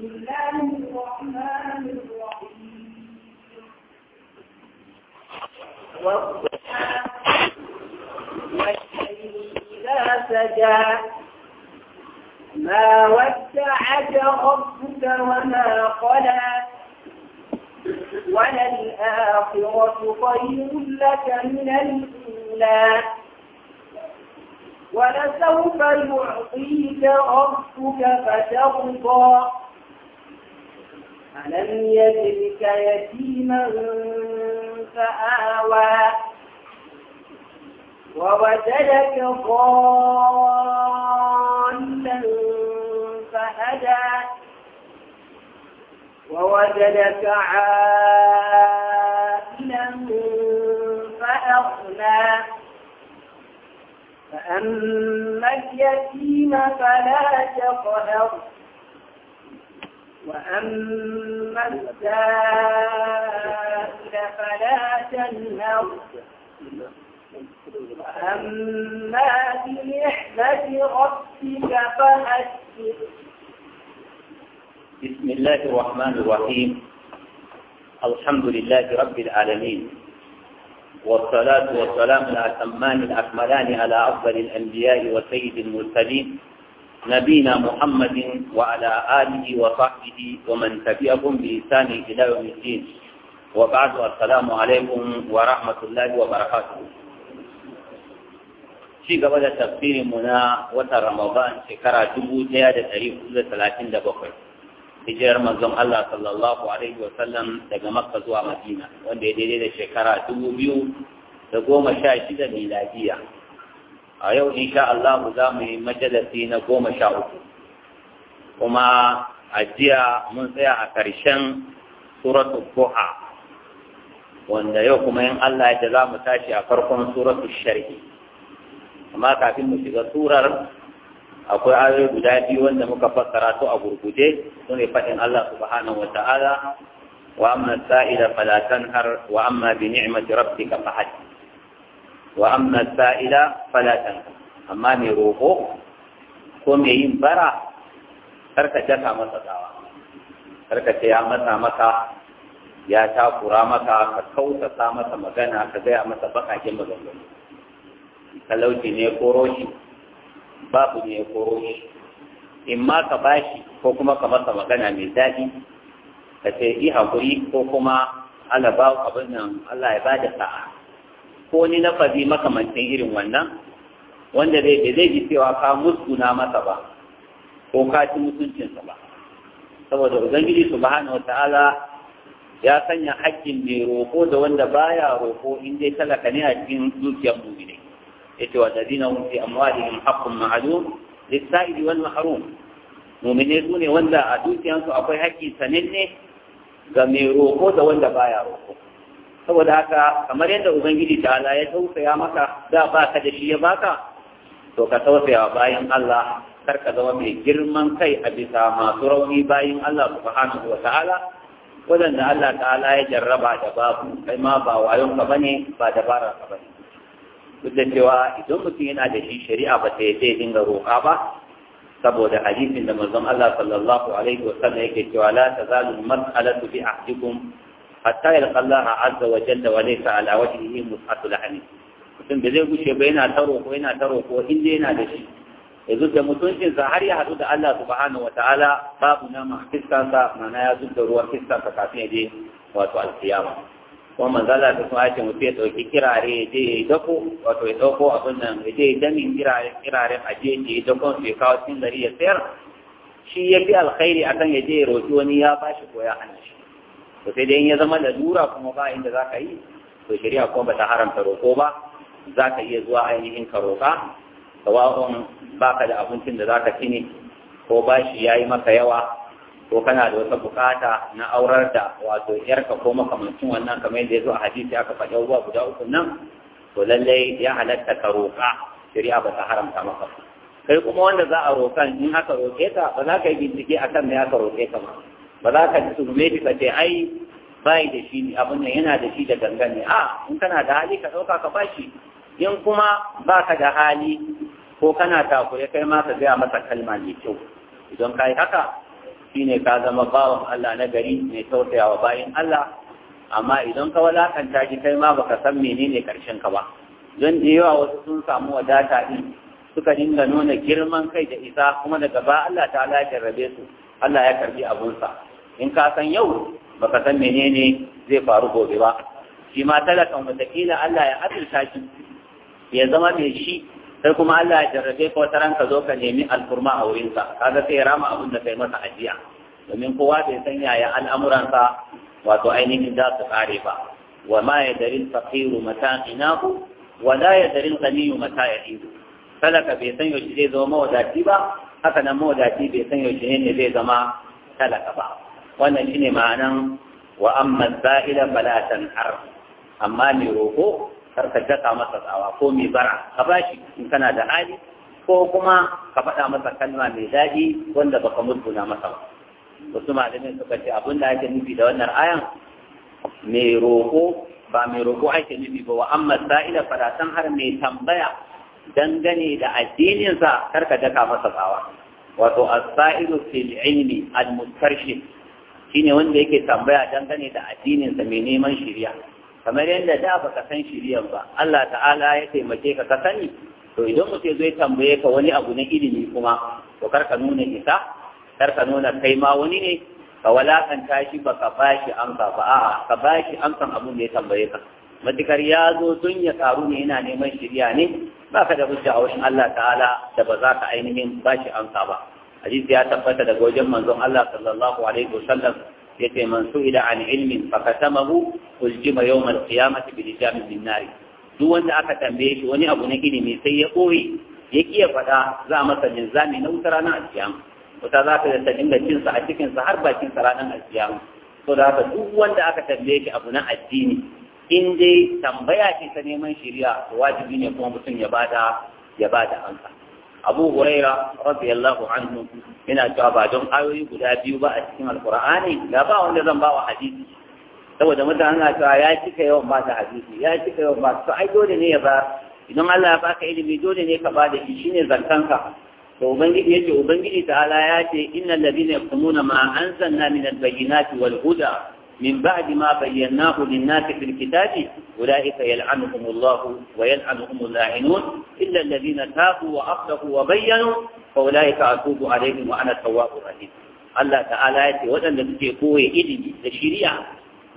الله الرحمن الرحيم والشيء سجى ما ودعك ربك وما قلى وللآخرة خير لك من الأولى ولسوف يعطيك ربك فترضى ألم يجدك يتيما فآوى ووجدك ضالا فهدى ووجدك عائلا فأغنى فأما اليتيم فلا تقهر وأما السائل فلا تنهر وأما بنعمة ربك فحدث بسم الله الرحمن الرحيم الحمد لله رب العالمين والصلاة والسلام الأتمان الأكملان على أفضل الأنبياء وسيد المرسلين نبينا محمد وعلى آله وصحبه ومن تبعهم بإحسان إلى يوم الدين وبعد السلام عليكم ورحمة الله وبركاته ci gaba da tafsirin mu na watan Ramadan shekara dubu ɗaya da ɗari hudu da talatin da bakwai hijirar manzon Allah sallallahu alaihi wa daga Makka zuwa Madina wanda ya daidai da shekara dubu biyu da goma sha shida miladiya a yau insha Allah za mu yi majalasi na goma sha uku kuma a jiya mun tsaya a ƙarshen suratu buha wanda yau kuma in Allah ya za mu tashi a farkon suratu sharhi amma kafin mu shiga surar akwai ayoyi guda biyu wanda muka fassara to a gurgude. su ne faɗin Allah subhanahu wa ta'ala wa amma sa'ila fala tanhar wa amma bi ni'mati rabbika fahadith wa amma sa'ila fala tanha amma mai roƙo ko mai yin bara karka jaka masa tsawa karka ce ya masa maka ya takura maka ka kautata masa magana ka gaya masa bakakin maganganu talauci ne koro shi babu ne koro shi in ma ka bashi ko kuma ka masa magana mai daɗi ka ce yi haƙuri ko kuma Allah ba abin nan Allah ya ba da sa'a ko ni na maka makamantan irin wannan wanda zai da zai ji cewa ka musguna masa ba ko ka ci mutuncinsa ba saboda ubangiji subhanahu wataala ya sanya haƙƙin mai roƙo da wanda baya roƙo in dai talaka ne a cikin dukiyar mu'mini yace wa ladina hum fi amwalihim haqqun ma'lum lis-sa'ili wal mahrum mu'mini sune wanda a dukiyansu akwai haƙƙi sananne ga mai roƙo da wanda baya roƙo saboda haka kamar yadda ubangiji ala ya tausaya maka da baka da shi ya baka to ka tausaya bayan Allah kar ka zama mai girman kai a bisa masu rauni bayan Allah subhanahu wa ta'ala wadanda Allah ta'ala ya jarraba da babu kai ma ba wayon ka bane ba dabara ka bane duk da cewa idan mutum yana da shi shari'a ba ta yadda dinga roƙa ba saboda hadisin da manzon Allah sallallahu alaihi wa sallam yake cewa la tazalu mas'alatu bi ahdikum hatta ya Allah azza wa jalla wa laysa ala musu mus'atu lahani mutum da zai gushe ba yana taro ko yana taro ko inda yana da shi ya zubda mutuncinsa har ya haɗu da Allah subhanahu wataala babu nama fiskansa mana ya zubda ruwan fiskansa kafin ya je wato alkiyama kuma manzala ta kuma ce mutum ya ɗauki kirare ya je ya yi dako wato ya ɗauko abin nan ya je ya dami kirare kirare a je ya yi dako su ya kawo cikin gari ya sayar shi ya fi alkhairi akan ya je ya roƙi wani ya bashi ko ya hana shi to sai dai in ya zama da dura kuma ba inda za ka yi to shari'a kuma ba ta haramta roƙo ba za ka iya zuwa ainihin ka roƙa sawa'un ba da abincin da za ka ci ne ko bashi ya yi maka yawa ko kana da wata bukata na aurar da wato yarka ko makamancin wannan kamar yadda ya zo a hadisi aka faɗi abubuwa guda uku nan to lallai ya halatta ka roƙa shari'a ba ta haramta maka kai kuma wanda za a roƙan in aka roƙe ka ba za ka yi bincike akan me aka roƙe ka ba ba za ka turme shi ka ce ai bai da shi ne abin nan yana da shi da gangan ne a in kana da hali ka ɗauka ka ba shi. in kuma ba ka da hali ko kana takure kai ma ka gaya masa kalma mai kyau idan ka yi haka shine ka zama bawan Allah na gari mai tausayawa bayan Allah amma idan ka walakanta shi kai ma baka san menene karshen ka ba don da yawa wasu sun samu wadata din suka dinga nuna girman kai da isa kuma daga ba Allah ta Allah rabe su Allah ya karbi abunsa in ka san yau baka san menene zai faru gobe ba shi ma talakan wataƙila Allah ya azurta shi ya zama mai shi sai kuma Allah ya jarrabe ka wata ranka zo ka nemi alfurma a wurinsa kaga sai ya rama abin da kai masa ajiya domin kowa bai san yaya al'amuransa wato ainihin za su kare ba wa ma ya dari faqiru mata inahu wa la ya dari qaniyu mata yahidu talaka bai san yaushe zai zama mawadaci ba haka nan mawadaci bai san yaushe ne zai zama talaka ba wannan shine ma'anan wa amma sa'ila fala amma mai roko kar ka daka masa tsawa ko mai bara ka bashi in kana da hali ko kuma ka faɗa masa kalma mai daɗi wanda baka murguna masa ba wasu malamin suka ce abin da ake nufi da wannan ayan mai roko ba mai roko ake nufi ba wa amma sa'ila fala mai tambaya dangane da addininsa karka daka masa tsawa wato as-sa'ilu fil ilmi al-mustarshid shine wanda yake tambaya dangane da addininsa mai neman shiriya kamar yadda da baka san shiriyan ba Allah ta'ala ya taimake ka ka sani to idan mutum zai tambaye ka wani abu na ilimi kuma to kar ka nuna isa kar ka nuna kai ma wani ne ka walakanta shi baka bashi ka ba a'a ka bashi amsan abun da ya tambaye ka matukar ya zo tun ya karu ne yana neman shiriya ne Ba ka da hujja a wurin Allah ta'ala da ba za ka ainihin bashi amsa ba hadisi ya tabbata daga wajen manzon Allah sallallahu alaihi wasallam yace man su'ila an ilmin fa katamahu uljima yawm al-qiyamati bi lijam min nar duk wanda aka tambaye shi wani abu na ilimi sai ya koyi ya kiya fada za a masa linzami na wutar ranar alkiyama wuta za ta ta dinga cin sa a cikin sa har bakin sa ranar alkiyama to da haka duk wanda aka tambaye shi abu na addini in dai tambaya ce ta neman shari'a to wajibi ne kuma mutum ya bada ya bada amsa abu huraira radiyallahu anhu yana cewa ba don ayoyi guda biyu ba a cikin alqur'ani da ba wanda zan ba wa hadisi saboda mutane na cewa ya cika yawan ba ta hadisi ya cika yawan ba to ai dole ne ya ba idan Allah ya baka ilimi dole ne ka ba da shi shine zankanka to ubangiji yace ubangiji ta'ala ya ce innal ladina yaqumuna ma anzalna min al-bayyinati wal huda من بعد ما بيناه للناس في الكتاب أولئك يلعنهم الله ويلعنهم wa إلا الذين تابوا وأصلحوا ulaika فأولئك أتوب عليهم وأنا التواب الرحيم Allah ta'ala ya ce waɗanda suke koye ilimi da shiriya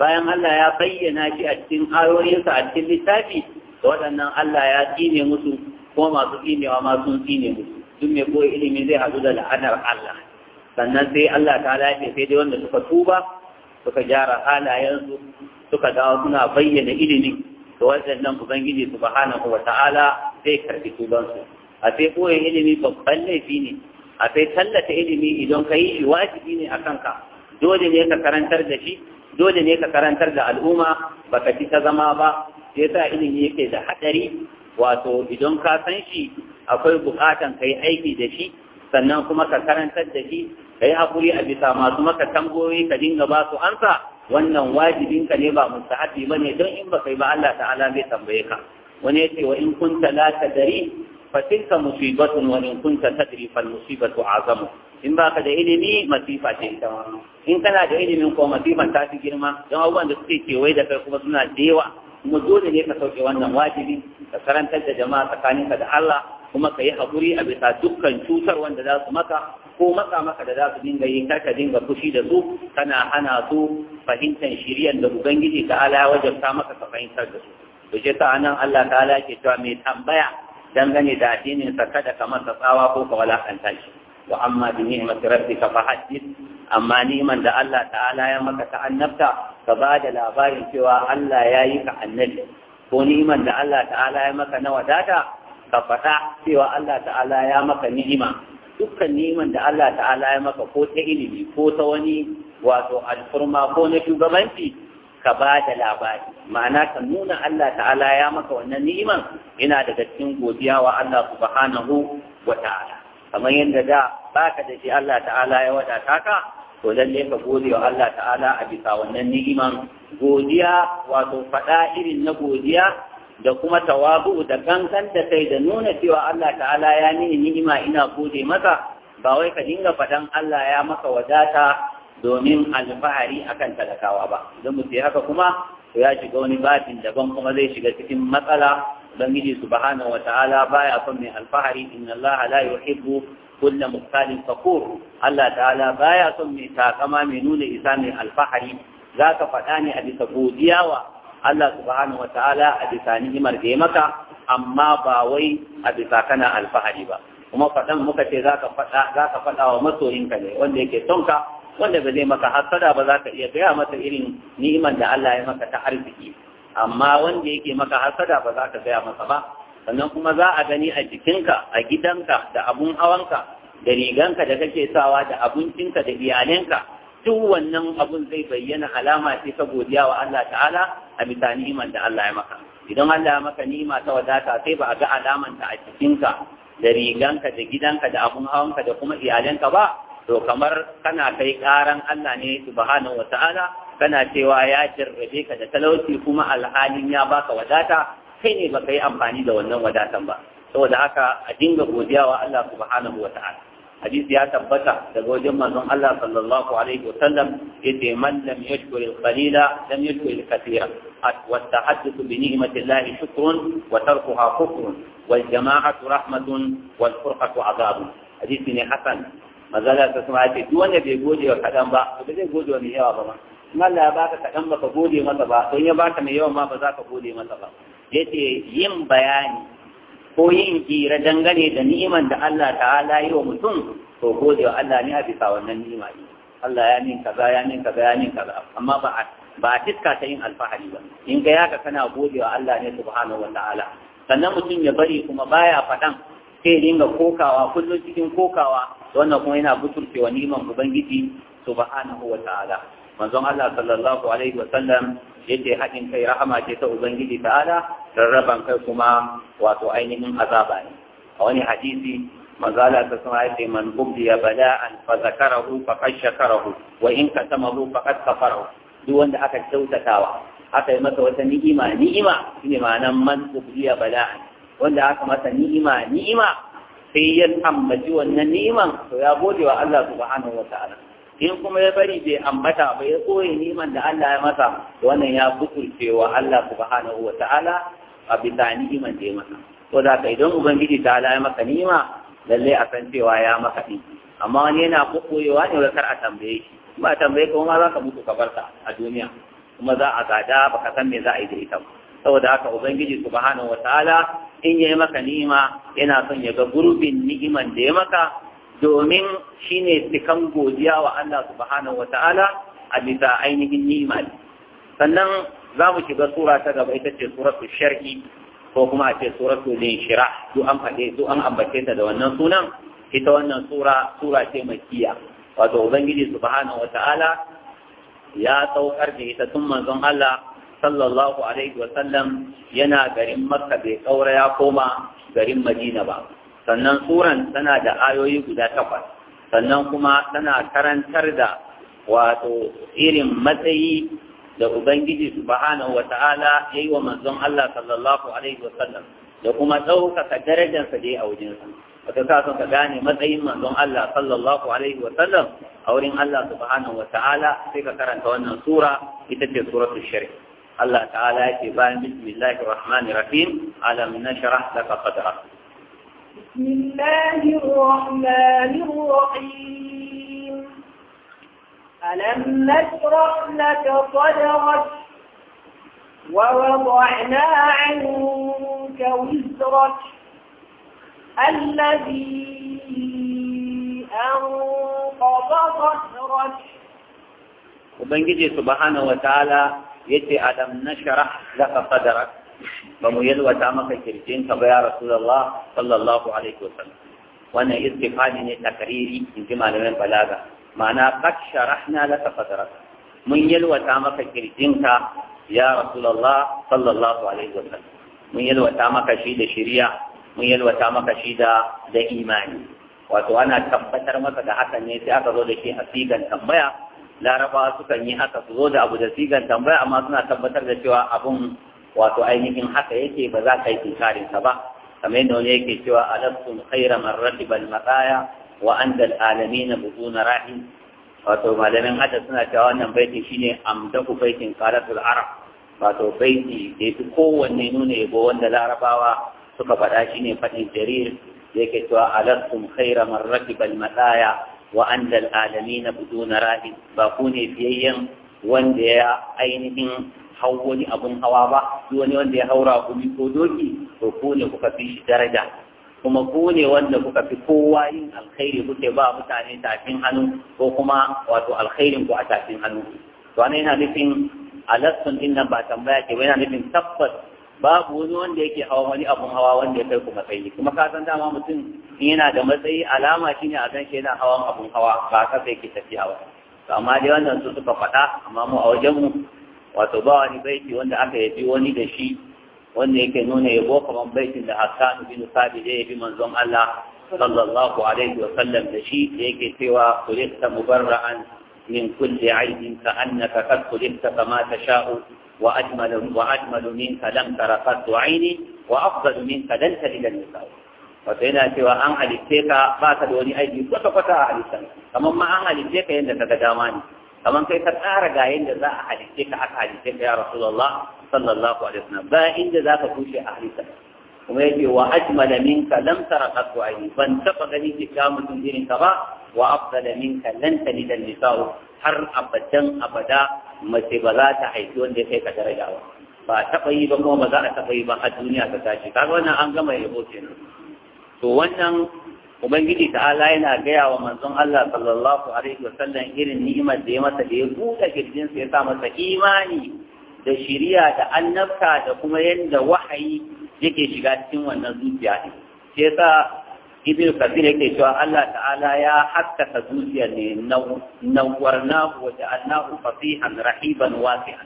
bayan Allah ya bayyana shi a cikin ayoyinsa a cikin littafi da waɗannan Allah ya tsine musu ko masu tsinewa ma sun tsine musu duk mai koye ilimi zai haɗu da la'anar Allah sannan sai Allah ta'ala ya ce sai dai wanda suka tuba suka gyara halayensu suka dawo suna bayyana ilimi to waɗannan ubangiji subhanahu wa ta'ala zai karbi tubansu a sai koyon ilimi babban laifi ne a sai tallata ilimi idan ka yi shi wajibi ne a kanka dole ne ka karantar da shi dole ne ka karantar da al'umma baka ci ta zama ba sai sa ilimi yake da hadari wato idan ka san shi akwai bukatan ka yi aiki da shi sannan kuma ka karantar da shi ka yi haƙuri a bisa masu maka tambayoyi ka dinga ba su ansa wannan wajibinka ne ba mustahabi ba ne don in ba kai ba Allah ta'ala zai tambaye ka wani ya ce wa in kunta la dari fa tilka musibatun wa in kunta tadri fal musibatu azamu in ka da ilimi masifa ce ita in kana da ilimin ko masifa ta fi girma don abubuwan da suke kewaye da kai kuma suna da yawa kuma dole ne ka sauke wannan wajibi ka karantar da jama'a tsakaninka da Allah kuma ka yi haƙuri a bisa dukkan cutar wanda za su maka ko matsa maka da za su dinga yi karka dinga fushi da su kana hana su fahimtar shiriyar da ubangiji ta ala wajabta maka ka fahimtar da su to je ta nan Allah ta'ala ke cewa mai tambaya dangane da addinin sa kada ka masa tsawa ko ka wala shi wa amma bi ni'mati rabbika fa haddith amma ni'man da Allah ta'ala ya maka ta ka ba da labarin cewa Allah ya yi ka annabi ko ni'man da Allah ta'ala ya maka na wadata ka faɗa cewa Allah ta'ala ya maka ni'ima dukkan neman da Allah ta'ala ya maka ko ta ilimi ko ta wani wato alfurma ko na shugabanci ka ba da labari ma'ana ka nuna Allah ta'ala ya maka wannan ni'iman yana daga cikin godiya wa Allah subhanahu wa ta'ala kamar yadda da baka da shi Allah ta'ala ya wadata ka to lalle ka gode wa Allah ta'ala a bisa wannan ni'iman godiya wato faɗa irin na godiya da kuma tawabu da kankan da kai da nuna cewa Allah ta'ala ya mini ni'ima ina gode maka ba wai ka dinga faɗan Allah ya maka wadata domin alfahari akan talakawa ba idan mutum haka kuma to ya shiga wani babin daban kuma zai shiga cikin matsala ubangiji subhanahu wataala baya son mai alfahari inna Allah la yuhibbu kulla muktalin fakur Allah ta'ala baya son mai takama mai nuna isa mai alfahari za ka faɗa ne a bisa godiyawa Allah subhanahu wataala a bisa ni'imar da ya maka amma ba wai a bisa kana alfahari ba kuma faɗan muka ce za ka faɗa wa masoyinka ne wanda yake son ka wanda ba zai maka hasada ba za ka iya gaya masa irin ni'imar da Allah ya maka ta arziki amma wanda yake maka hasada ba za ka gaya masa ba sannan kuma za a gani a jikinka a gidanka da abun hawanka da riganka da kake sawa da abincinka da iyalinka duk wannan abun zai bayyana alama ce ta godiya wa Allah ta'ala a bisa ni'imar da Allah ya maka idan Allah ya maka ni'ima ta wadata sai ba a ga alaman ta a cikinka da riganka da gidanka da abun hawanka da kuma iyalanka ba to kamar kana kai karan Allah ne subhanahu wa ta'ala kana cewa ya jarrabe ka da talauci kuma alhalin ya baka wadata kai ne baka yi amfani da wannan wadatan ba saboda haka a dinga godiya wa Allah subhanahu wa ta'ala حديث يا تبتا تقول يوم الله صلى الله عليه وسلم إذا من لم يشكر القليل لم يشكر الكثير والتحدث بنعمة الله شكر وتركها كفر والجماعة رحمة والفرقة عذاب حديث بن حسن ما زال تسمع في دون بيقول يا كلام با بده يقول يوم يا بابا ما لا باك تكلم بقولي ما تبا وين باك يوم ما بذاك بقولي ما تبا يتي يم بياني ko yin hira dangane da ni'iman da Allah ta'ala yi wa mutum to gode wa Allah ne a bisa wannan ni'ima ne Allah ya min kaza ya min kaza ya min kaza amma ba ba a tiska ta yin alfahari ba in ga yaka kana gode wa Allah ne subhanahu wa ta'ala sannan mutum ya bari kuma baya faɗan sai dinga kokawa kullum cikin kokawa wannan kuma yana butulce wa ni'iman ubangiji subhanahu wa ta'ala manzon Allah sallallahu alaihi wa sallam yake haɗin kai rahama ce ta ubangiji ta'ala rarraban kai kuma wato ainihin azaba ne a wani hadisi manzala ta sama ya ce man ubdiya bala'an fa zakarahu fa wa in katamahu fa qad kafarahu duk wanda aka kyautatawa aka yi masa wata ni'ima ni'ima shine ma'anan man ubdiya bala'an wanda aka masa ni'ima ni'ima sai ya tambaci wannan ni'iman to ya gode wa Allah subhanahu wa ta'ala in kuma ya bari bai ambata ba ya koyi niman da Allah ya masa wannan ya butulce wa Allah subhanahu wa ta'ala a bisa da ya masa ko da ka idan ubangiji ta ala ya maka nima lalle a san cewa ya maka din amma wani yana kokoyewa ne wa kar a tambaye shi ba tambaye ka ma za ka mutu ka barka a duniya kuma za a gada baka san me za a yi da ita ba saboda haka ubangiji subhanahu ta'ala in yayi maka ni'ima yana son ya ga gurbin ni'iman da ya maka domin shine cikan godiya wa Allah subhanahu ta'ala a bisa ainihin ni'ima sannan za mu shiga sura ta gaba ita ce suratul sharhi ko kuma a ce suratul inshirah duk an faɗe an ambace ta da wannan sunan ita wannan sura sura ce makkiya wato ubangiji subhanahu ta'ala ya saukar da ita tun manzon Allah sallallahu alaihi wa sallam yana garin Makka bai kaura ya koma garin Madina ba sannan suran tana da ayoyi guda takwas sannan kuma tana karantar da wato irin matsayi da ubangiji subhanahu wata'ala yayi wa manzon Allah sallallahu alaihi wasallam da kuma ɗaukaka darajarsa da ya a wajensa wata sa sun ka gane matsayin manzon Allah sallallahu alaihi wasallam a wurin Allah subhanahu ta'ala sai ka karanta wannan sura ita ce suratu shari'a Allah ta'ala yake bayan bismillahir rahmanir rahim alam nashrah laka sadrak بسم الله الرحمن الرحيم ألم نشرح لك صدرك ووضعنا عنك وزرك الذي أنقض ظهرك وبنجي سبحانه وتعالى يتي ألم نشرح لك صدرك ba mu yalwata maka ka ba ya rasulullah sallallahu alaihi wasallam wannan istifani ne takariri in ji malamin balaga ma'ana qad sharahna laka fadraka mun yalwata maka ka ya rasulullah sallallahu alaihi wasallam mun yalwata maka shi da shari'a mun yalwata maka shi da da imani wato ana tabbatar maka da hakan ne sai aka zo da shi a sigan tambaya larabawa sukan yi haka su zo da abu da sigan tambaya amma suna tabbatar da cewa abun wato ainihin haka yake ba za ka yi tinkarin sa ba kamar yadda wani yake cewa alastum khaira man rakiba al-mataya wa anta al-alamin butuna rahim wato malamin hada suna cewa wannan baitin shine amdaku baitin qalatul arab wato baiti da yafi kowanne nuna yabo wanda larabawa suka faɗa shine faɗin jarir yake cewa alastum khaira man rakiba al-mataya wa anta al-alamin butuna rahim ba ku ne fiyayyen wanda ya ainihin hau wani abun hawa ba duk wani wanda ya haura kumi ko doki to kone kuka fi shi daraja kuma kone wanda kuka fi kowa yin alkhairi kuke ba mutane tafin hannu ko kuma wato alkhairin ku a tafin hannu to ana yana nufin alaskun din nan ba tambaya ke ba yana nufin tabbas babu wani wanda yake hawa wani abun hawa wanda ya kai ku matsayi kuma ka san dama mutum in yana da matsayi alama shine a gan shi yana hawan abun hawa ba kasa yake tafiya ba to amma dai wannan su suka faɗa amma mu a wajen mu wato ba wani baiti wanda aka yabi wani da shi wanda yake nuna ya boko kamar baitin da Hassan bin Sabi da yabi manzon Allah sallallahu alaihi wa sallam da shi da yake cewa kulista mubarra'an min kulli aibin ka annaka qad kulista kama tasha'u wa ajmalu wa ajmalu minka lam tara qad aini wa afdalu minka lan talida nisa wato yana cewa an halitte ka ba ka da wani aiki kwata kwata a halittar kamar ma an halitte ka yadda ka ga dama ne amma kai ka tsara ga yadda za a halice ka aka halice ka ya rasulullah sallallahu alaihi wasallam ba inda za ka tushe a halitta kuma yake wa ajmala minka lam tara qatu ayni ban taba gani kikamun irin ka ba wa afdala minka lan talida nisa'u har abadan abada mace ba za ta haifi wanda ya kai ka daraja ba ba taba yi ba kuma ba za a taba yi ba a duniya ta tashi kaga wannan an gama yabo kenan to wannan ubangiji ta'ala yana gaya wa manzon Allah sallallahu alaihi wasallam irin ni'imar da ya masa da ya buɗe kirjin sa ya sa masa imani da shiriya da annabta da kuma yadda wahayi yake shiga cikin wannan zuciya din sa yasa ibn kabir yake cewa Allah ta'ala ya haskaka zuciya ne warna wa annahu fasihan rahiban wasi'an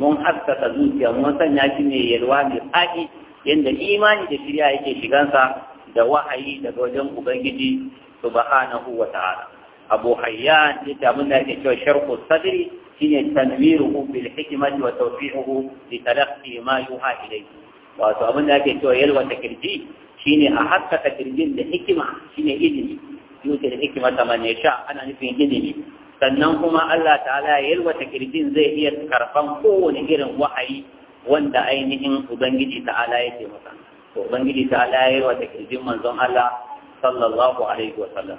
mun haskaka zuciya mun sanya shi ne yalwa mai yadda imani da shiriya yake shigansa da wahayi daga wajen ubangiji subhanahu wa ta'ala abu hayyan ya abin da ake cewa sharhu sadri shine tanwiruhu bil hikmati wa tawfihuhu li talaqqi ma yuha ilayhi wato abin da ake cewa yalwa ta kirji shine a haskaka kirjin da hikima shine ilimi yuta da hikima ta man ana nufin ilimi sannan kuma Allah ta'ala yalwa ta kirjin zai iya karfan kowane irin wahayi wanda ainihin ubangiji ta'ala yake masa to ubangiji ta layar wata kirjin manzon Allah sallallahu alaihi wa sallam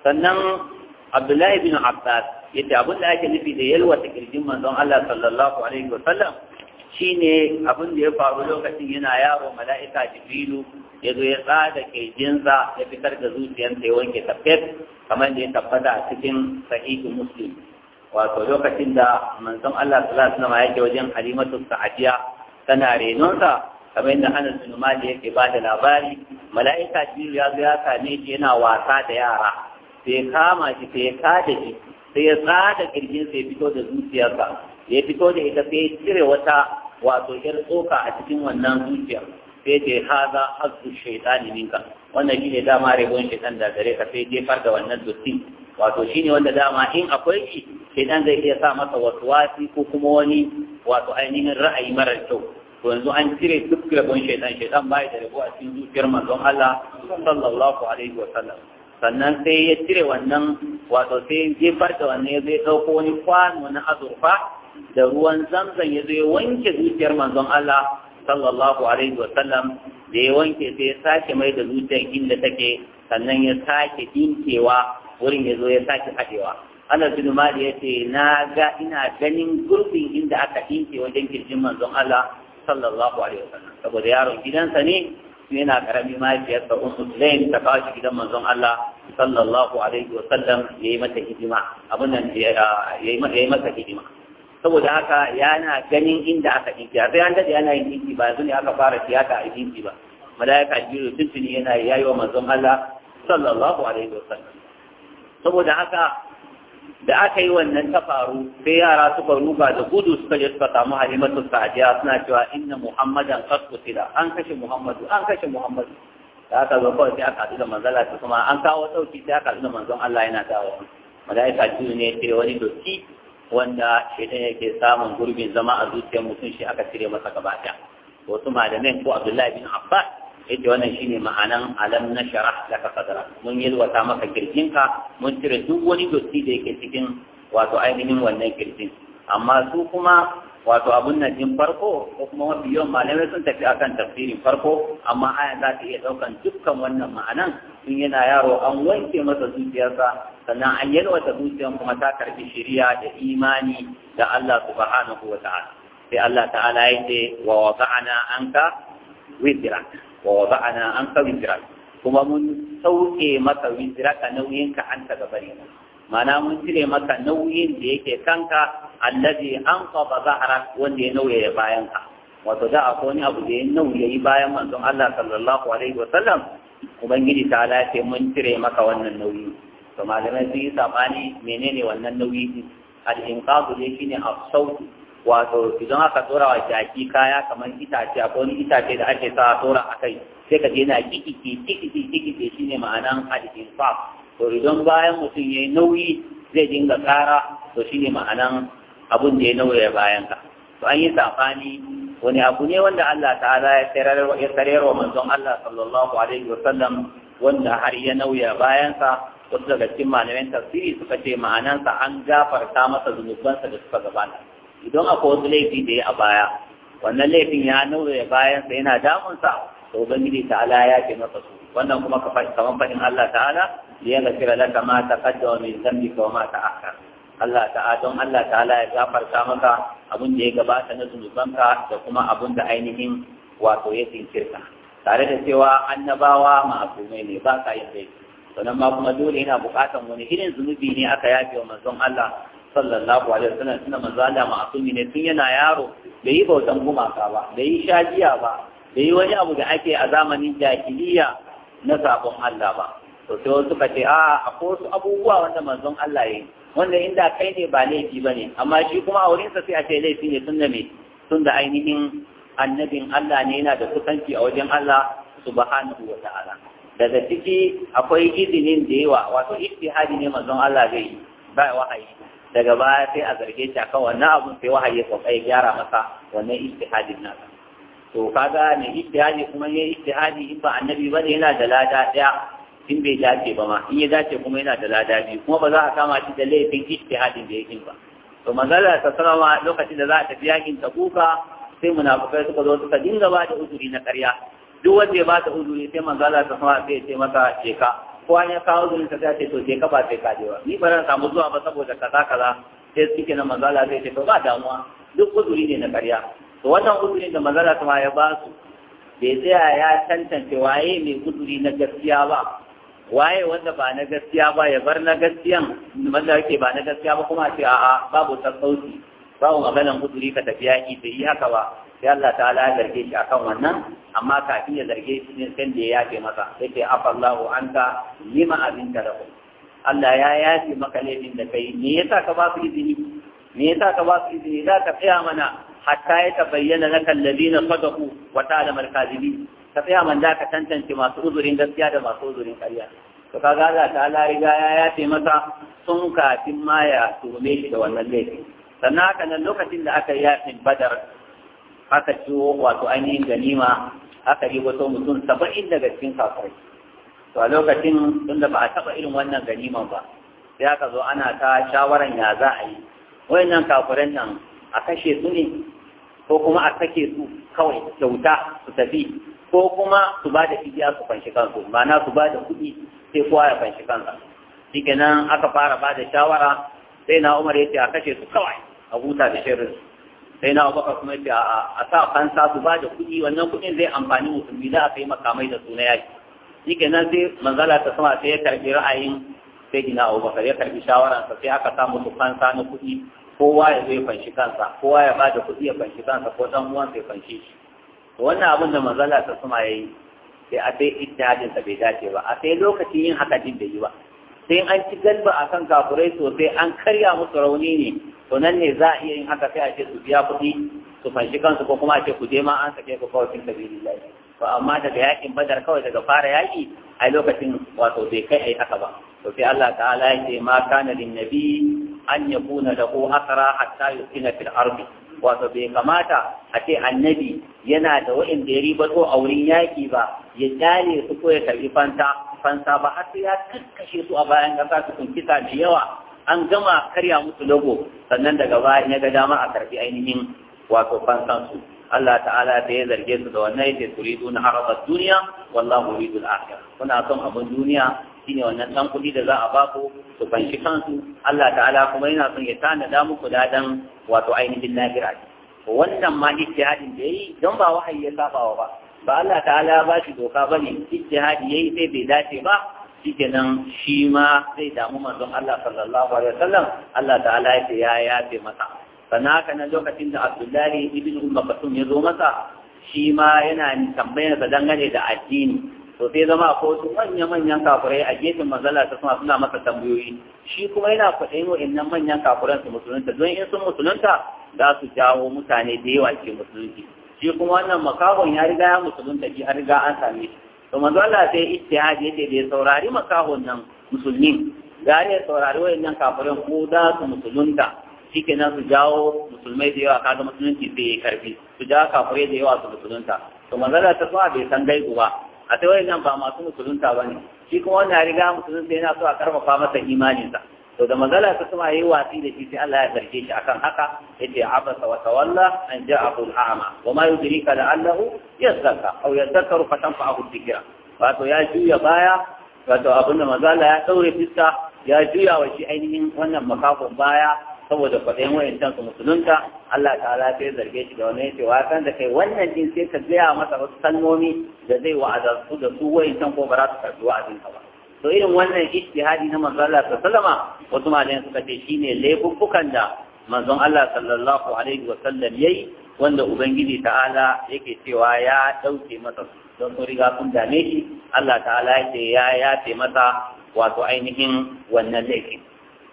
sannan Abdullahi bin Abbas yadda abin da ake nufi da yalwata kirjin manzon Allah sallallahu alaihi wa sallam shine abin da ya faru lokacin yana yaro mala'ika Jibrilu ya zo ya tsada kirjinsa ya fitar da zuciyarsa ya wanke tafiyar kamar da ya tabbata a cikin sahihi Muslim wato lokacin da manzon Allah sallallahu alaihi wa sallam yake wajen Halimatu Sa'adiya tana renonsa kamar yadda Anas bin Malik yake ba da labari mala'ika Jibril ya zo ya same shi yana wasa da yara sai kama shi sai ka da shi sai ya tsada kirgin sai fito da zuciyarsa ya fito da ita sai cire wata wato yar tsoka a cikin wannan zuciyar sai ce haza hazu shaitani minka wannan shine dama rabon shaitan da gare ka sai jefar da wannan dotti wato shine wanda dama in akwai shi shaitan zai iya sa masa wasu wasi ko kuma wani wato ainihin ra'ayi marar kyau to yanzu an cire duk rabon shaitan shaitan bai da rabo a cikin zuciyar manzon Allah sallallahu alaihi wa sallam sannan sai ya cire wannan wato sai ya jefar da wannan zai dauko wani kwano na azurfa da ruwan zamzam ya zo ya wanke zuciyar manzon Allah sallallahu alaihi wa sallam da ya wanke sai ya sake mai da zuciyar inda take sannan ya sake dinkewa wurin ya zo ya sake hadewa Anas bin Malik ya na ga ina ganin gurbin inda aka dinke wajen kirjin manzon Allah sallallahu alaihi wasallam saboda yaron gidansa ne yana karami mahaifiyarsa ummu sulaim ta kawo shi gidan manzon Allah sallallahu alaihi wasallam yayi mata hidima abin nan yayi mata hidima saboda haka yana ganin inda aka dinki sai an dade yana yin dinki ba yanzu ne aka fara tiyata a dinki ba malaika jibril tuntuni yana yayi wa manzon Allah sallallahu alaihi wasallam saboda haka da aka yi wannan ta faru sai yara suka ruga da gudu suka je suka samu halimatu sajiya suna cewa inna muhammadan qad an kashe muhammadu an kashe muhammadu da aka zo kawai sai aka da manzala ta kuma an kawo sauki sai aka haɗu da manzon Allah yana dawo malaika ji ne cire wani doki wanda ne yake samun gurbin zama a zuciyar mutum shi aka cire masa gaba ɗaya wasu malamin ko Abdullahi bin Abbas yadda wannan shine ma'anan alam na da laka sadra mun yi wata maka kirjinka mun cire duk wani dotti da yake cikin wato ainihin wannan kirjin amma su kuma wato abun nan din farko ko kuma mafi yawan malamai sun tafi akan tafsirin farko amma aya za ta iya daukan dukkan wannan ma'anan tun yana yaro an wanke masa zuciyarsa sannan an yalwata zuciyar kuma ta karbi shiriya da imani da Allah subhanahu wa ta'ala sai Allah ta'ala ya ce wa an anka wizrak wa wada'ana an ka kuma mun sauke maka wizraka nauyin ka an ta gabare mu Mana mun cire maka nauyin da yake kanka allazi an qada zahrak wanda ya nauye bayan ka wato da akwai wani abu da ya nauye bayan manzon Allah sallallahu alaihi wa sallam ubangiji ta ala ce mun cire maka wannan nauyi to malamai sun yi sabani menene wannan nauyi din al-inqadu ne shine sautu wato idan aka tsora wa jaki kaya kamar itace a wani itace da ake sa tsora a kai sai ka je na kikiki kikiki kikiki shi ne ma'anan hadisin fa to idan bayan mutum ya yi nauyi zai dinga kara to shi ne ma'anan abun da ya nauya bayan ka to an yi safani wani abu ne wanda Allah ta'ala ya tsarar wa manzon Allah sallallahu alaihi wa wanda har ya nauya sa wasu daga cikin malamin tafsiri suka ce ma'anansa an gafarta masa zunubansa da suka gabata idan akwai wasu laifi da ya a baya wannan laifin ya nuna ya bayan sa yana sa to ubangiji ala ya ke masa su wannan kuma kaman fadin Allah ta'ala liya da laka ma taqaddama min zambi ko ma ta'akhkhara Allah Ta'a don Allah ta'ala ya gafarta maka abin da ya gabata na zunuban ka da kuma abin da ainihin wato ya tinkirka tare da cewa annabawa ma'asumai ne ba ka yin laifi sannan ma kuma dole yana bukatan wani irin zunubi ne aka yafe wa manzon Allah sallallahu alaihi wasallam tunda manzo Allah ma'asumi ne tun yana yaro bai yi bautan gumaka ba bai yi shajiya ba bai yi wani abu da ake a zamanin jahiliya na sabon Allah ba to sai wasu ka ce a akwai wasu abubuwa wanda manzon Allah ya yi wanda inda kai ne ba laifi ba ne amma shi kuma a wurinsa sai a ce laifi ne tun da me tun da ainihin annabin Allah ne yana da kusanci a wajen Allah subhanahu wa ta'ala daga ciki akwai izinin da yawa wato ijtihadi ne manzon Allah zai yi ba wahayi daga baya sai a zarge shi akan wannan abun sai wahayi ya sauka gyara masa wannan ijtihadin nasa to kaga ne ijtihadi kuma yayi ijtihadi in ba annabi bane yana da lada daya in bai dace ba ma in ya dace kuma yana da lada biyu kuma ba za a kama shi da laifin ijtihadin da yake ba to manzala ta sallama lokacin da za a tafi yakin tabuka sai munafikai suka zo suka dinga ba da uzuri na ƙarya duk wanda ya ba ta uzuri sai manzala ta sallama sai ya ce masa sheka. kowa ya kawo zurin ka sai to sai ka ba sai ka je ba ni bana samu zuwa ba saboda kaza kaza sai suke na mazala sai ce to ba damuwa duk kuduri ne na ƙarya to wannan uzurin da mazala kuma ya ba su bai tsaya ya tantance waye mai kuduri na gaskiya ba waye wanda ba na gaskiya ba ya bar na gaskiyan wanda yake ba na gaskiya ba kuma ce a'a babu sassauci babu maganan kuduri ka tafi yaƙi bai yi haka ba sai Allah ta'ala ya zarge shi akan wannan amma kafin ya zarge shi ne sai da ya yafe masa sai ce allahu anka lima abinta lahu Allah ya yafe maka laifin da kai me yasa ka ba su izini me yasa ka ba su izini za ka tsaya mana hatta ya tabayyana laka alladhina sadaqu wa ta'lamu al-kadhibin ka tsaya mana da ka tantance masu uzurin gaskiya da masu uzurin ƙarya to ka kaga Allah ta'ala riga ya yafe masa sun kafin ma ya tume shi da wannan laifin sannan haka nan lokacin da aka yi yaƙin badar aka ci wato ainihin ganima aka yi wato mutum saba'in daga cikin kafirai to a lokacin tunda ba a taɓa irin wannan ganiman ba sai aka zo ana ta shawaran ya za a yi wayannan kafiran nan a kashe su ne ko kuma a sake su kawai kyauta su tafi ko kuma su ba da fidiya su fanshi kansu ma'ana su ba da kuɗi sai kowa ya fanshi kansa shikenan aka fara ba da shawara sai na umar ya ce a kashe su kawai a huta da shirin su sai na abubakar kuma ce a sa fansa su ba da kuɗi wannan kuɗin zai amfani musulmi za a kai makamai da suna yaki shi kenan sai manzala ta sama sai ya karɓi ra'ayin sai gina ina abubakar ya karɓi shawararsa sai aka sa musu fansa na kuɗi kowa ya zai fanshi kansa kowa ya ba da kuɗi ya fanshi kansa ko ɗan uwan sai fanshi shi wannan abin da manzala ta sama ya yi sai a sai ittihadin sa bai dace ba a sai lokacin yin haka din da yi ba sai an ci galba kan kafurai sosai an karya musu rauni ne to nan ne za a iya yin haka sai a ce su biya kuɗi su fanshi kansu ko kuma a ce ku je ma an sake ku kawai fin sabilillahi to amma daga yakin badar kawai daga fara yaki a lokacin wato bai kai ai haka ba to sai Allah ta'ala ya ce ma kana lin nabi an yakuna lahu asra hatta yusina fil ardi wato bai kamata a ce annabi yana da wa'inda ya ribato a wurin yaki ba ya kyale su ko ya fanta fansa ba har sai ya kakkashe su a bayan kasa su kun kisa da yawa an gama karya musu logo sannan daga baya ya ga dama a karfi ainihin wato fansansu Allah ta'ala ta ya zarge su da wannan yake turidu na harafar duniya wallahu yuridu al-akhir kuna son abin duniya shine wannan dan kudi da za a ba ku su fanshi kansu Allah ta'ala kuma yana son ya tanada muku dan wato ainihin lahira wannan ma ijtihadin da yayi don ba wahayi ya sabawa ba ba Allah ta'ala ba shi doka bane ijtihadi yayi sai bai dace ba nan shi ma zai damu manzon Allah sallallahu alaihi wasallam Allah ta'ala ya ce ya yafe masa sana ka nan lokacin da Abdullahi ibn Umm Maktum ya zo masa shi ma yana tambayar sa dangane da addini to sai zama ko su manyan manyan kafirai a gefen manzala ta suna suna masa tambayoyi shi kuma yana kwaɗayin wa'annan manyan kafiran su musulunta don in sun musulunta za su jawo mutane da yawa ke musulunci shi kuma wannan makahon ya riga ya musulunta shi har riga an same shi to manzo Allah sai ijtihadi yake da saurari makahon nan musulmi ya saurari wayannan kafirin ko da su musulunta shike nan su jawo musulmai da yawa kaga musulunci sai ya karfi su jawo kafirai da yawa su musulunta to manzo Allah ta sa bai san gaibu ba a sai nan ba masu musulunta bane shi kuma wannan riga musulunta yana so a karfafa masa imaninsa to da manzala ta kuma yi watsi da shi sai Allah ya zarge shi akan haka yace abasa wa tawalla an ja'ahu al-a'ma wa ma yudrika la'allahu yazakka aw yadhakkaru fa tanfa'ahu dhikra wato ya juya baya wato abin da manzala ya daure fiska ya juya wa shi ainihin wannan makafin baya saboda kwaɗayin wa'incan su musulunta Allah ta'ala sai zarge shi da wani yace wa san da kai wannan din sai ka gaya masa wasu kalmomi da zai wa'azarsu da su can ko ba za su karɓi wa'azinka ba to irin wannan ijtihadi na manzon Allah sallama wasu malayan suka ce shine laifukan da manzon Allah sallallahu alaihi Wasallam yayi wanda ubangiji ta'ala yake cewa ya dauke masa don sun riga sun dame shi Allah ta'ala ya ce ya yafe masa wato ainihin wannan laifin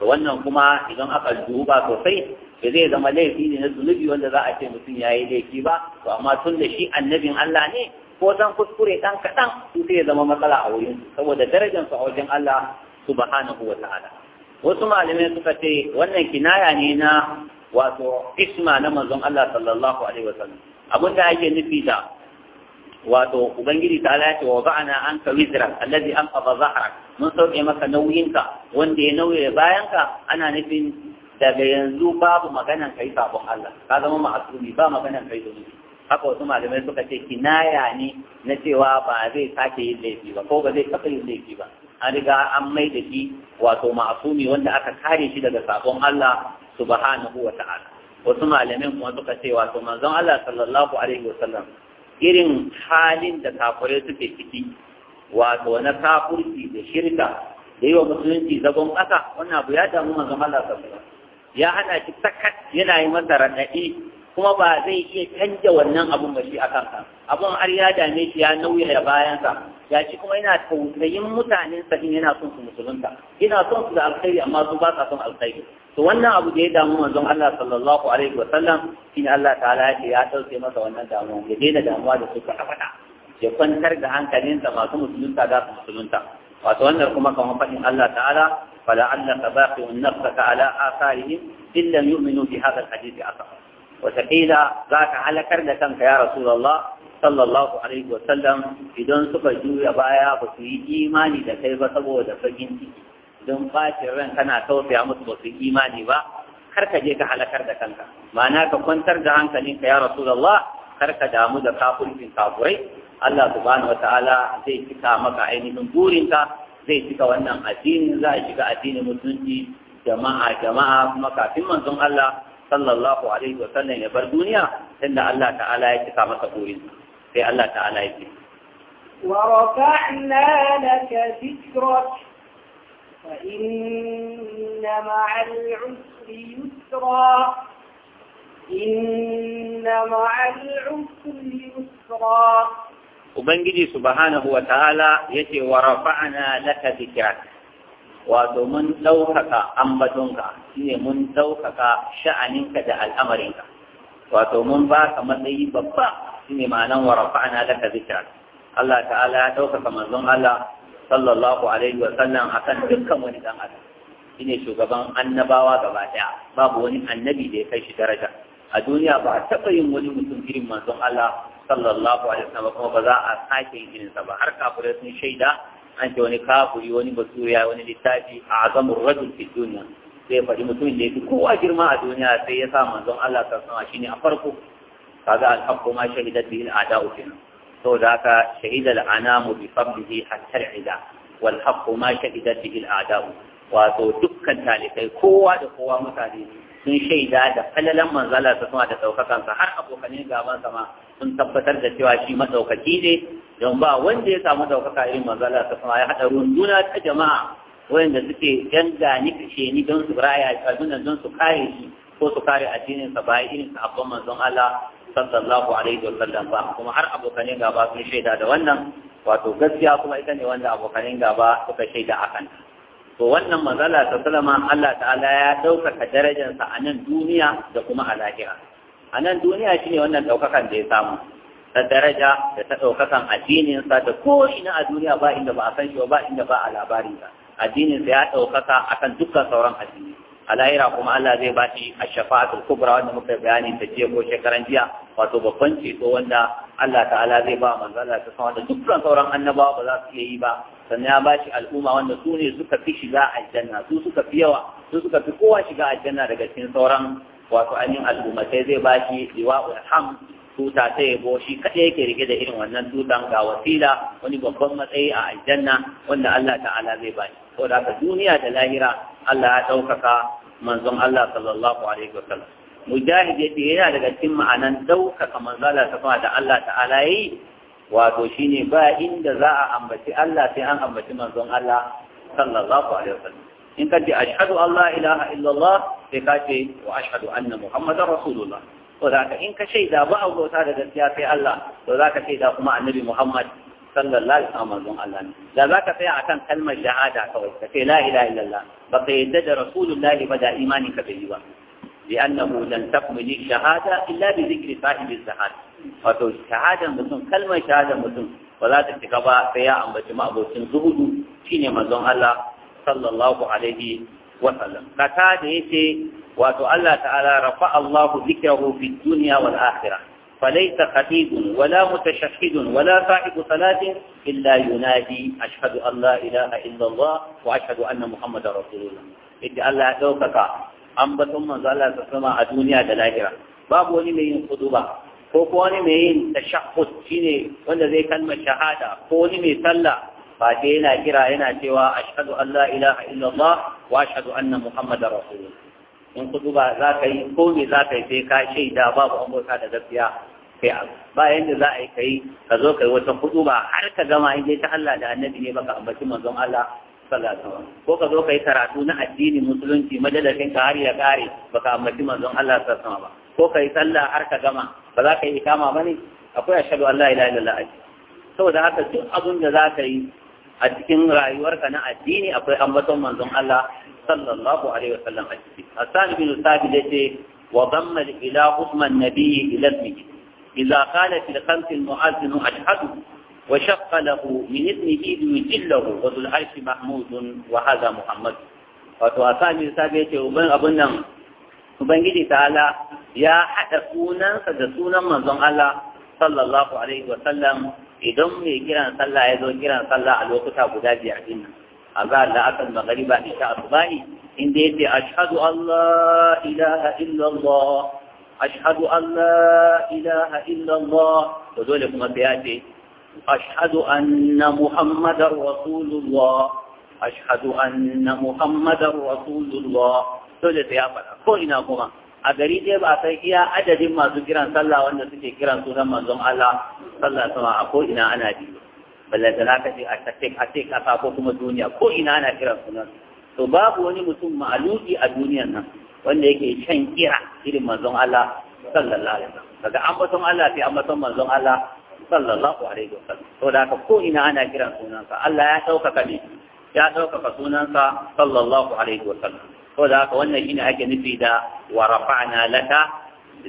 to wannan kuma idan aka duba sosai ba zai zama laifi ne na zunubi wanda za a ce mutum ya yi laifi ba to amma tun da shi annabin Allah ne ko dan kuskure dan kaɗan su sai zama matsala a wurin saboda darajar su a wajen Allah subhanahu wa ta'ala wasu malamai suka ce wannan kinaya ne na wato isma na manzon Allah sallallahu alaihi wasallam abinda yake nufi da wato ubangiji ta ya ce wa ba'ana an ka wizra allazi an qada zahrak mun sauke maka nauyin ka, wanda ya nauye bayan ka ana nufin daga yanzu babu maganan kai sabon Allah ka zama ma'asumi ba maganan kai domin. haka wasu malamai suka ce kinaya ne na cewa ba zai sake yin laifi ba ko ba zai saka yin laifi ba an riga an mai da shi wato ma'asumi wanda aka kare shi daga sabon Allah subhanahu wa ta'ala wasu malamin kuma suka ce wato manzon Allah sallallahu alaihi wa sallam irin halin da kafure suke ciki wato na kafurci da shirka da yi wa musulunci zagon ƙasa wannan abu ya damu manzon Allah sallallahu alaihi wa sallam ya hana shi sakat yana yi masa raɗaɗi kuma ba zai iya canja wannan abun ba shi a kanka abun har ya dame shi ya nauyi da bayansa ya ci kuma yana tausayin mutanen sa din yana son su musulunta yana son su da alkhairi amma su ba sa son alkhairi to wannan abu da ya damu manzon Allah sallallahu alaihi wa sallam shi Allah ta'ala ya ce ya dauke masa wannan damuwa ya daina damuwa da su kwata ya kwantar da hankalinsa masu musulunta za su musulunta wato wannan kuma kamar faɗin Allah ta'ala فلعلك باقي نفسك على آثارهم إن لم يؤمنوا بهذا الحديث أصلا wataƙila za ka halakar da kanka ya rasulullah sallallahu alaihi wasallam idan suka juya baya ba su yi imani da kai ba saboda bakin ciki don bacin ran kana tausaya musu ba su yi imani ba kar ka je ka halakar da kanka ma'ana ka kwantar da hankalinka ya rasulullah kar ka damu da kafurcin kafurai Allah subhanahu wataala zai cika maka ainihin burinka zai cika wannan addinin za a shiga addinin mutunci jama'a jama'a kuma kafin manzon Allah صلى الله عليه وسلم يا بردونيا إن الله تعالى يتقام تقولين في الله تعالى يتقام ورفعنا لك ذكرك فإن مع العسر يسرا إن مع العسر يسرا Ubangiji سبحانه وتعالى ta’ala ورفعنا لك ذكرك wato mun ɗaukaka ambatonka shine mun ɗaukaka sha'aninka da al'amarinka wato mun ba ka matsayi babba shine ma'anan wa rafa'ana laka zikra Allah ta'ala ya ɗaukaka manzon Allah sallallahu alaihi wa sallam akan dukkan wani dan adam ne shugaban annabawa gaba babu wani annabi da ya kai shi daraja a duniya ba a taɓa yin wani mutum irin manzon Allah sallallahu alaihi wa sallam kuma ba za a sake yin irinsa ba har kafirai sun shaida an ce wani kafuri wani basuriya wani littafi a azamun rajul fi duniya sai faɗi mutumin da ya fi kowa girma a duniya sai ya sa manzon Allah ta sama shine a farko kaga al-haqqu ma shahidat bihi al-a'da'u fina saboda haka shahida al-anamu bi fadlihi hatta al-ida wal haqqu ma shahidat bihi al-a'da'u wato dukkan talibai kowa da kowa mutane sun shaida da falalan manzala ta sama da daukakansa har abokanin gaban sama sun tabbatar da cewa shi madaukaki ne don ba wanda ya samu ɗaukaka irin manzala ta sama ya haɗa runduna ta jama'a wanda suke ganga ni kashe ni don su raya abin don su kare shi ko su kare addinin sa bai irin sahabban manzon Allah sallallahu alaihi wa sallam ba kuma har abokanin gaba sun shaida da wannan wato gaskiya kuma ita ne wanda abokanin gaba suka shaida akan to wannan manzala ta sallama Allah ta'ala ya ɗaukaka darajarsa a nan duniya da kuma a lahira a nan duniya shine wannan ɗaukakan da ya samu ta daraja da ta ɗaukakan addininsa da ko ina a duniya ba inda ba a san shi ba inda ba a labarinsa addininsa ya ɗaukaka akan dukkan sauran addini a lahira kuma Allah zai ba shi a shafa'atul kubra wanda muka bayani ta jiya ko shekaran jiya wato babban ceto wanda Allah ta'ala zai ba manzo Allah ta san wanda dukkan sauran annabawa ba za su iya yi ba sannan ya ba shi al'umma wanda su ne suka fi shiga aljanna su suka fi yawa su suka fi kowa shiga aljanna daga cikin sauran wato ainihin sai zai ba shi liwa'ul ham tuta ta yabo shi kaɗai yake rike da irin wannan tutan ga wasila wani babban matsayi a aljanna wanda Allah ta'ala zai bani da haka duniya da lahira Allah ya ɗaukaka manzon Allah sallallahu alaihi wasallam mujahid yace yana daga cikin ma'anan ɗaukaka manzon Allah ta da Allah ta'ala yi wato shine ba inda za a ambaci Allah sai an ambaci manzon Allah sallallahu alaihi sallam. in ka ce ashhadu Allah, ilaha illallah sai ka ce wa ashhadu anna muhammadar rasulullah وذاك إن كشيء ذا بقى وسادة السياسة الله وذاك شيء ذا مع النبي محمد صلى الله عليه وسلم الله لأن ذاك في عتم كلمة جهادة كويسة في لا إله إلا الله بقي دد رسول الله بدا إيمانك به لأنه لن تكمل الشهادة إلا بذكر صاحب الزهاد فتو شهادة مثل كلمة شهادة مثل ولا تكتبا فيا أم بجمع بوسن زهود شيني الله صلى الله عليه وسلم فتا ديسي wato Allah ta'ala rafa Allahu dhikrahu fi dunya wal akhirah فليس خطيب ولا متشهد ولا صاحب صلاة إلا ينادي أشهد أن لا إله إلا الله وأشهد أن محمد رسول الله إذا الله دوكك أم بتم من ظل تسمع الدنيا دلاهرة باب وني مين خطوبة ko ko wani mai yin tashahhud shine wanda zai kalma shahada ko wani mai sallah ba dai yana kira yana cewa ashhadu an la ilaha illallah wa in kudu ba za ka yi ko me za ka yi sai ka shaida babu amurka da gaskiya kai abu ba yanda za a yi kai ka zo ka yi wata kudu ba har ka gama in ta Allah da annabi ne baka ambaci manzon Allah sallallahu alaihi wasallam ko ka zo ka yi karatu na addinin musulunci madadakin ka har ya kare baka ambaci manzon Allah sallallahu alaihi wasallam ba ko ka yi sallah har ka gama ba za ka yi ikama bane akwai ashhadu an la ilaha illallah saboda haka duk abin da za ka yi a cikin rayuwarka na addini akwai ambaton manzon Allah sallallahu alaihi wasallam a ciki Hassan bin Sabit yace wa dhamma ila husma an ila ismihi idza qala fil khamsi al-mu'azzin ashhadu wa shaqqa lahu min ismihi liyujillahu wa dhul arshi mahmudun wa hadha muhammad wato Hassan bin Sabit yace uban abun nan ubangiji ta'ala ya hada sunansa da sunan manzon Allah sallallahu alaihi wasallam idan mai kiran sallah ya zo kiran sallah a lokuta guda biyar din nan azhar da aka magariba da ta asbahi inda yace ashhadu allah ilaha illa allah ashhadu allah ilaha illa allah to dole kuma sai ya ce ashhadu anna muhammadar rasulullah ashhadu anna muhammadar rasulullah dole sai ya faɗa ko ina kuma a gari ɗaya ba san iya adadin masu kiran sallah wanda suke kiran sunan manzon Allah sallah sama a ko ina ana bi balle da zaka ce a tafi a ce kasa ko kuma duniya ko ina ana kiran sunan to babu wani mutum ma'aluki a duniyar nan wanda yake shan kira irin manzon Allah sallallahu alaihi wasallam daga ambaton Allah sai an ambaton manzon Allah sallallahu alaihi wasallam to da ka ko ina ana kiran sunansa Allah ya ɗaukaka ne ya ɗaukaka sunansa sallallahu alaihi wasallam saboda haka wannan shine ake nufi da wa rafa'na laka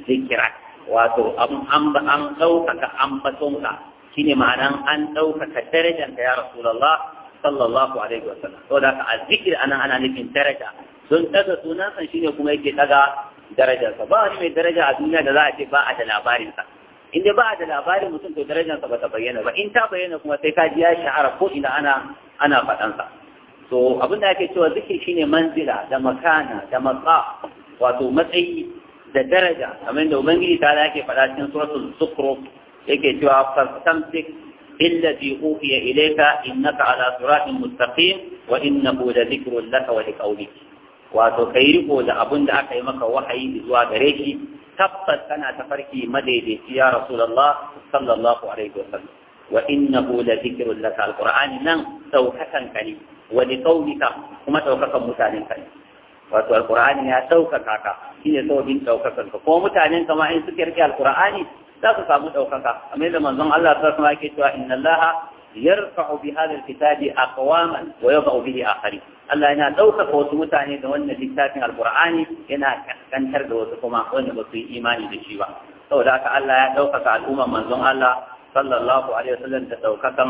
zikrak wato an an ɗaukaka ambatonka shine ma'anan an ya rasulullah sallallahu alaihi saboda haka azzikir anan ana nufin daraja daga sunan san shine kuma yake daga darajarsa ba wani mai daraja a duniya da za a ce ba a da sa. in ba a da labarin mutum to darajarsa ba ta bayyana ba in ta bayyana kuma sai ka ji ya shahara ko ina ana ana sa. to abin da ake cewa zikir shine manzila da makana da matsa wato matsayi da daraja kamar da ubangiji ta da yake fada cikin suratul zukhruf yake cewa fastamsik illati uhiya ilayka innaka ala siratin mustaqim wa innahu la dhikrun laka wa liqawlik wato kai riko da abin da aka yi maka wahayi zuwa gare shi tabbas kana tafarki madaidaici ya rasulullah sallallahu alaihi wasallam wa innahu la dhikrun laka alqur'ani nan saukakan ka ne wa liqaumika kuma saukakan mutanen ka ne wato alqur'ani ya saukaka ka shine saukin saukakan ka ko mutanen ka ma in suke rike alqur'ani za su samu daukaka amma da manzon Allah sallallahu alaihi wasallam yake cewa inna Allah yarfa'u bi hadha alkitabi aqwaman wa yad'u bihi akharin Allah yana ɗaukaka wasu mutane da wannan littafin alqur'ani yana kankantar da wasu kuma wanda ba su yi imani da shi ba saboda haka Allah ya ɗaukaka al'umman manzon Allah sallallahu alaihi wasallam da daukakan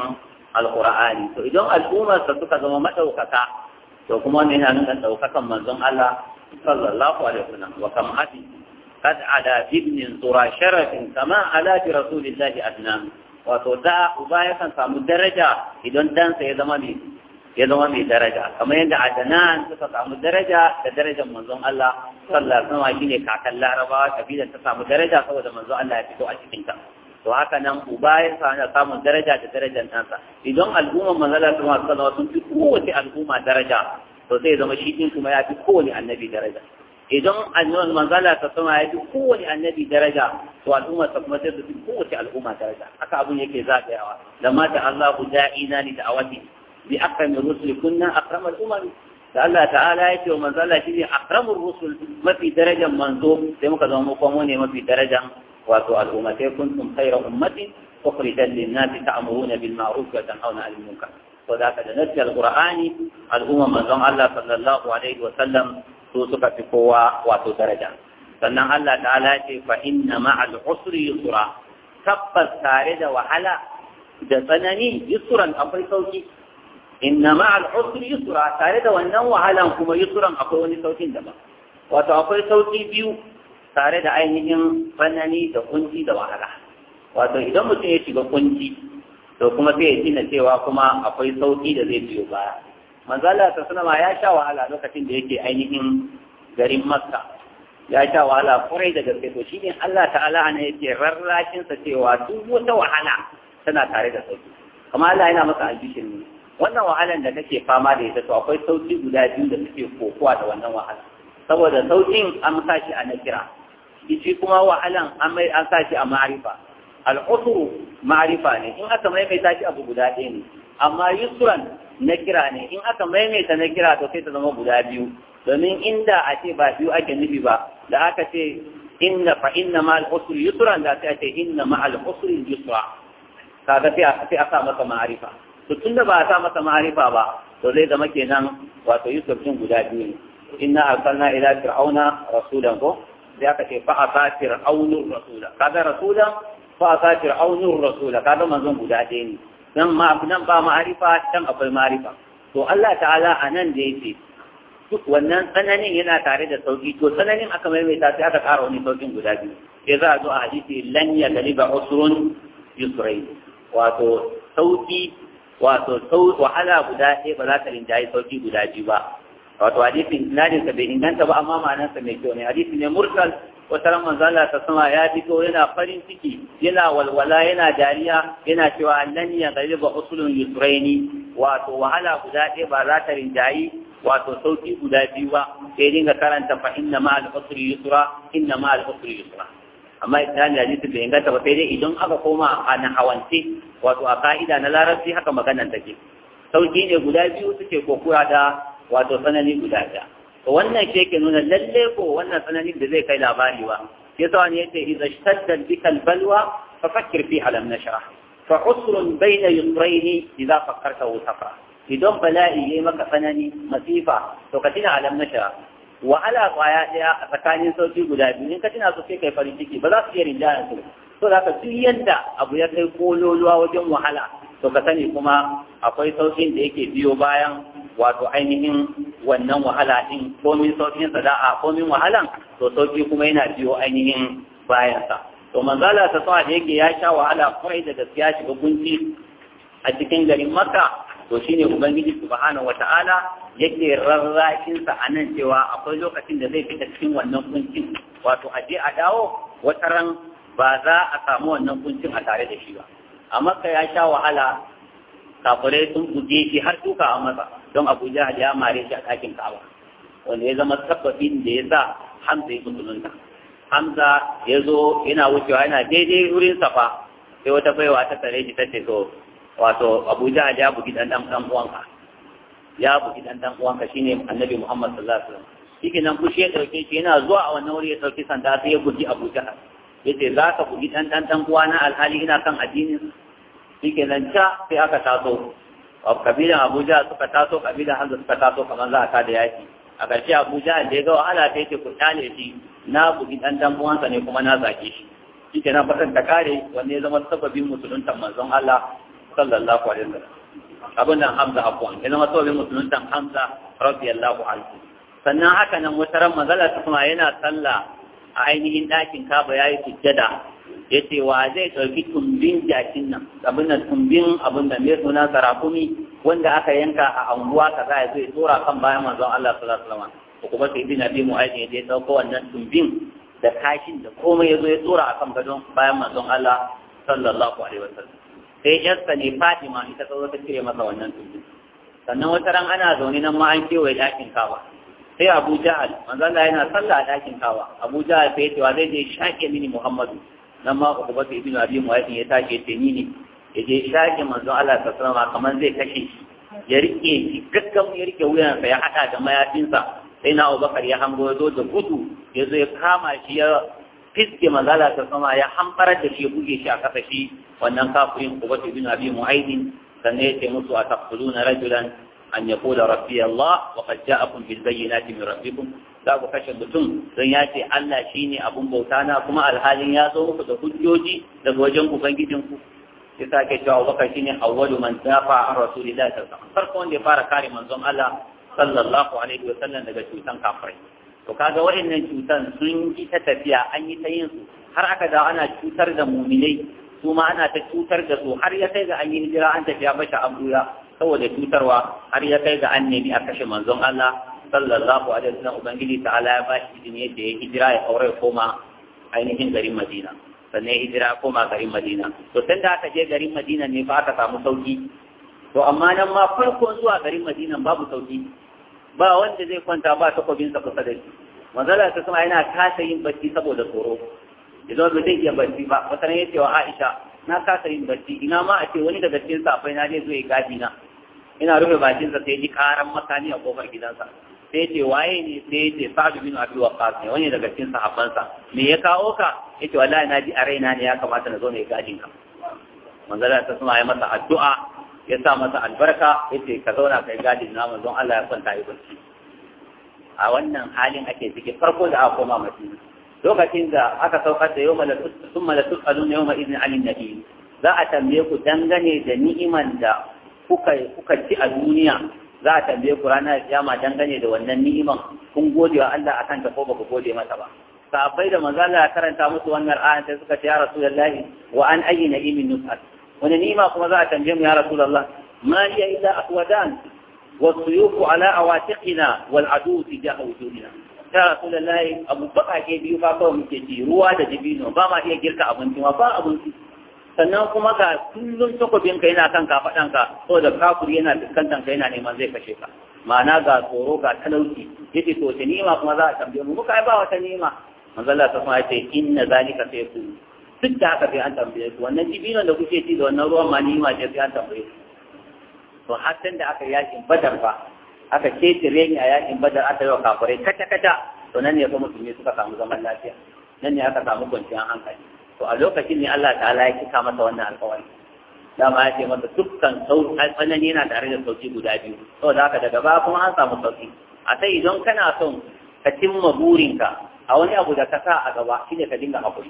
alqur'ani to idan al'ummar sa suka zama madaukaka to kuma ne yana nuna daukakan manzon Allah sallallahu alaihi wasallam wa kam abi kad على ابن ذرى شرف كما على برسول الله أدنى wato da uba yakan samu daraja idan dansa ya zama mai ya zama mai daraja kamar yadda adanan suka samu daraja da darajar manzon Allah sallallahu alaihi wasallam shine kakan larabawa kabilar ta samu daraja saboda manzon Allah ya fito a cikin ta to haka nan uba ya samu samun daraja da darajar nasa idan al'umma manzala ta masu sanawa sun fi kowace al'umma daraja to zai zama shi din kuma ya fi kowane annabi daraja idan annabi manzala ta sama ya fi kowane annabi daraja to al'umma ta kuma sai fi kowace al'umma daraja haka abun yake yawa. zagayawa lamma ta Allahu da'ina li da'awati bi akrami rusul kunna akramal umami da Allah ta'ala ya ce wa Manzala shi ne akramur rusul mafi darajar manzo sai muka zama mu ne mafi darajar wato al'ummatai kuntum khayra ummatin ukhrijat lin-nasi ta'muruna bil ma'ruf wa tanhauna 'anil munkar to da ka da nassi al-qur'ani al'umma manzon Allah sallallahu alaihi wa sallam su suka fi kowa wato daraja sannan Allah ta'ala ce fa inna ma'al usri yusra tabbas tare da wahala da tsanani yusuran akwai sauki inna ma'al usri yusra tare da wannan wahalan kuma yusuran akwai wani saukin daban wato akwai sauki biyu tare da ainihin fannani da kunci da wahala wato idan mutum ya shiga kunci to kuma sai ya tina cewa kuma akwai sauki da zai biyo baya manzala ta sanama ya sha wahala lokacin da yake ainihin garin makka ya sha wahala kwarai da gaske to shine Allah ta'ala ne yake rarrakin sa cewa duk wata wahala tana tare da sauki kuma Allah yana masa albishin ne wannan wahalan da kake fama da ita to akwai sauki guda biyu da suke kokowa da wannan wahala saboda saukin an sa shi a na kira. shi kuma wahalan an mai sa shi a ma'arifa al'usru ma'arifa ne in aka maimaita shi abu guda ɗaya ne amma yusran na kira ne in aka maimaita na kira to sai ta zama guda biyu domin inda a ce ba biyu ake nufi ba da aka ce inna fa inna ma al-usri yusra da sai a ce inna ma al yusra kaga sai a sa masa ma'arifa to tun da ba a sa masa ma'arifa ba to zai zama kenan wato yusuf din guda biyu ne inna arsalna ila fir'auna rasulan ko sai aka ce fa asatir aunur rasula kaga rasula fa asatir aunur rasula kaga manzon guda ɗaya ne nan ma nan ba ma'arifa can akwai ma'arifa to Allah ta'ala a nan da yake duk wannan tsananin yana tare da sauki to tsananin aka maimaita sai aka ƙara wani saukin guda biyu sai za a zo a hadisi lan ya galiba usrun yusrai wato sauki wato wahala guda ɗaya ba za ta rinjayi sauki guda biyu ba wato hadisin nadin sa bai inganta ba amma ma'anar sa mai kyau ne hadisi ne mursal wata ran manzo Allah ta sama ya fito yana farin ciki yana walwala yana dariya yana cewa annani ya galiba usulun yusraini wato wahala guda ɗaya ba za ta rinjayi wato sauki guda biyu ba sai dinga karanta fa inna ma al-usri yusra inna ma al-usri yusra amma idan da hadisi bai inganta ba sai dai idan aka koma a nahawance wato a ka'ida na larabci haka maganar take sauki ne guda biyu suke kokura da wato sanani guda ɗaya to wannan shi yake nuna lalle ko wannan tsananin da zai kai labari ba sai sa wani yace idza ishtadda bika albalwa fa fakkir fiha lam nashrah fa usrun bayna yusrayn idza fakkarta safra idan bala'i yayi maka sanani masifa to ka tina alam nashrah wahala kwaya daya a tsakanin sauki guda biyu in ka tina su sai kai farin ciki ba za su iya rinjaya su to za ka duk yadda abu ya kai kololuwa wajen wahala to ka sani kuma akwai saukin da yake biyo bayan wato ainihin wannan wahala din komin saukin sada'a komin wahalan to sauki kuma yana biyo ainihin bayansa to manzala ta sa da yake ya sha wahala kwarai da gaskiya shiga gunki a cikin garin makka to shine ubangiji subhanahu wata'ala yake rarrakin sa anan cewa akwai lokacin da zai fita cikin wannan kuncin wato a je a dawo wata ran ba za a samu wannan kuncin a tare da shi ba a makka ya sha wahala kafirai sun buge shi har duka a masa don abu jahal ya mare shi a ɗakin ka'aba wanda ya zama sabbabin da ya sa hamza ya musulunta hamza ya zo yana wucewa yana daidai wurin safa sai wata baiwa ta tsare shi ta ce to wato abu jahal ya bugi dan dan uwanka ya bugi dan dan uwanka shine annabi muhammad sallallahu alaihi wasallam shi nan kushi ya ɗauke shi yana zuwa a wannan wuri ya ɗauki sanda sai ya bugi abu jahal ya ce za ka bugi ɗan ɗan ɗan uwana alhali ina kan addinin shi nan ta sai aka taso kabilan abuja suka taso kabilan hamza suka taso kamar za a yaki a ƙarshe abuja da ya ga wahala ta yake kuɗa ne shi na bugi ɗan ne kuma na zage shi shi ke nan fatan ta kare wanne ya zama sababin musuluntan manzon allah abin nan hamza afwan ya zama sababin musuluntan hamza radiyallahu anhu sannan haka nan wata ran manzala ta yana sallah a ainihin ɗakin kaba ya yi sujjada ya ce wa zai ɗauki tumbin jakin nan abin da tumbin abin da mai suna sarakumi wanda aka yanka a anguwa ka za a zai tsora kan bayan manzon Allah sallallahu alaihi wasallam ko kuma sai bin abi mu'ayyid ya je ɗauko wannan tumbin da kashin da komai ya zo ya tsora akan gadon bayan manzon Allah sallallahu alaihi wasallam sai yarsa ne Fatima ita ta zo ta cire masa wannan tumbin sannan wata ran ana zaune nan ma an kewaye ɗakin kawa sai Abu Jahal manzon Allah yana sallah a ɗakin kawa Abu Jahal sai ya ce wa zai je shaƙe mini Muhammadu nan ma ku ba ibnu abi mu'ayyid ya tashi ce ni ne ya je shaki manzon Allah sallallahu alaihi zai kashe shi ya rike shi gaggam ya rike sa ya hada da mayafinsa sai na Abubakar ya hango ya zo da gudu ya zo ya kama shi ya fiske manzala ta ya hambara da shi buge shi a kasa shi wannan kafirin ubatu ibn abi mu'aydin sannan ya ce musu a taqtuluna rajulan an yaqula rabbi allah wa qad ja'akum bil bayyinati min rabbikum za ku kashe mutum don ya ce Allah shi ne abin bauta na kuma alhalin ya zo muku da hujjoji daga wajen ubangijinku ya ke cewa baka shi ne awwalu man dafa an rasulillah sallallahu alaihi farko wanda ya fara kare manzon Allah sallallahu alaihi wa sallam daga cutan kafirai to kaga waɗannan cutan sun yi ta tafiya an yi ta yin su har aka da ana cutar da muminai su ma ana ta cutar da su har ya kai ga an yi hijira an tafiya basha abuya saboda cutarwa har ya kai ga an nemi a kashe manzon Allah sallallahu alaihi wasallam ubangiji ta'ala ya ba shi din yake ya hijira ya aure koma ainihin garin Madina sannan ya hijira koma garin Madina to tun da aka je garin Madina ne ba aka samu sauki to amma nan ma farkon zuwa garin Madina babu sauki ba wanda zai kwanta ba takobin sa kusa da shi manzala ta kuma yana kasa yin bacci saboda tsoro idan ba zai iya bacci ba wata ne ya ce wa Aisha na kasa yin bacci ina ma a ce wani daga cikin safai na je zo ya gadi na ina rufe bakinsa sai ji karan makani a kofar gidansa sai ce waye ne sai ce sa'ad bin abi waqas ne wani daga cikin sahabbansa me ya kawo ka yace wallahi na ji a raina ne ya kamata na zo ne gadin ka manzala ta suma ya masa addu'a ya sa masa albarka yace ka zauna kai gadin na manzon Allah ya kwanta yi barci a wannan halin ake ciki farko da aka koma madina lokacin da aka saukar da yawmal summa la tusalun yawma idin alin nabi za a tambaye ku dangane da ni'iman da kuka kuka ci a duniya za a tambaye ku ranar kiyama dangane da wannan ni'iman kun gode wa Allah akan ta ko baka gode masa ba sahabbai da manzo Allah karanta musu wannan ayan sai suka ce ya rasulullahi wa an ayi na'imin nus'al wani ni'ima kuma za a tambaye mu ya rasulullah ma hiya illa aswadan والسيوف على عواتقنا والعدو تجاه وجوهنا يا رسول الله ابو بكر ke biyu fa kawai muke ci ruwa da dibino ba ma iya girka abinci ma ba abinci sannan kuma ka kullum takobin ka yana kan kafaɗan ka so da kafuri yana fuskantar ka yana neman zai kashe ka ma'ana ga tsoro ga talauci yace to ta nima kuma za a tambaye mu muka yi ba wata nima manzo ta kuma yace inna zalika ku duk da haka sai an tambaye su wannan jibinan da kuke ci da wannan ruwan ma nima ce sai an tambaye su to har da aka yakin badar ba aka ce tireni a yakin badar aka yi wa kafirai kata kata to nan ne fa musulmi suka samu zaman lafiya nan ne aka samu kwanciyar hankali to a lokacin ne Allah ta'ala ya kika masa wannan alƙawari dama ya ce masa dukkan tsanani yana tare da sauki guda biyu saboda haka daga baya kuma an samu sauki a sai idan kana son ka cimma burinka a wani abu da ka sa a gaba shi ne ka dinga hakuri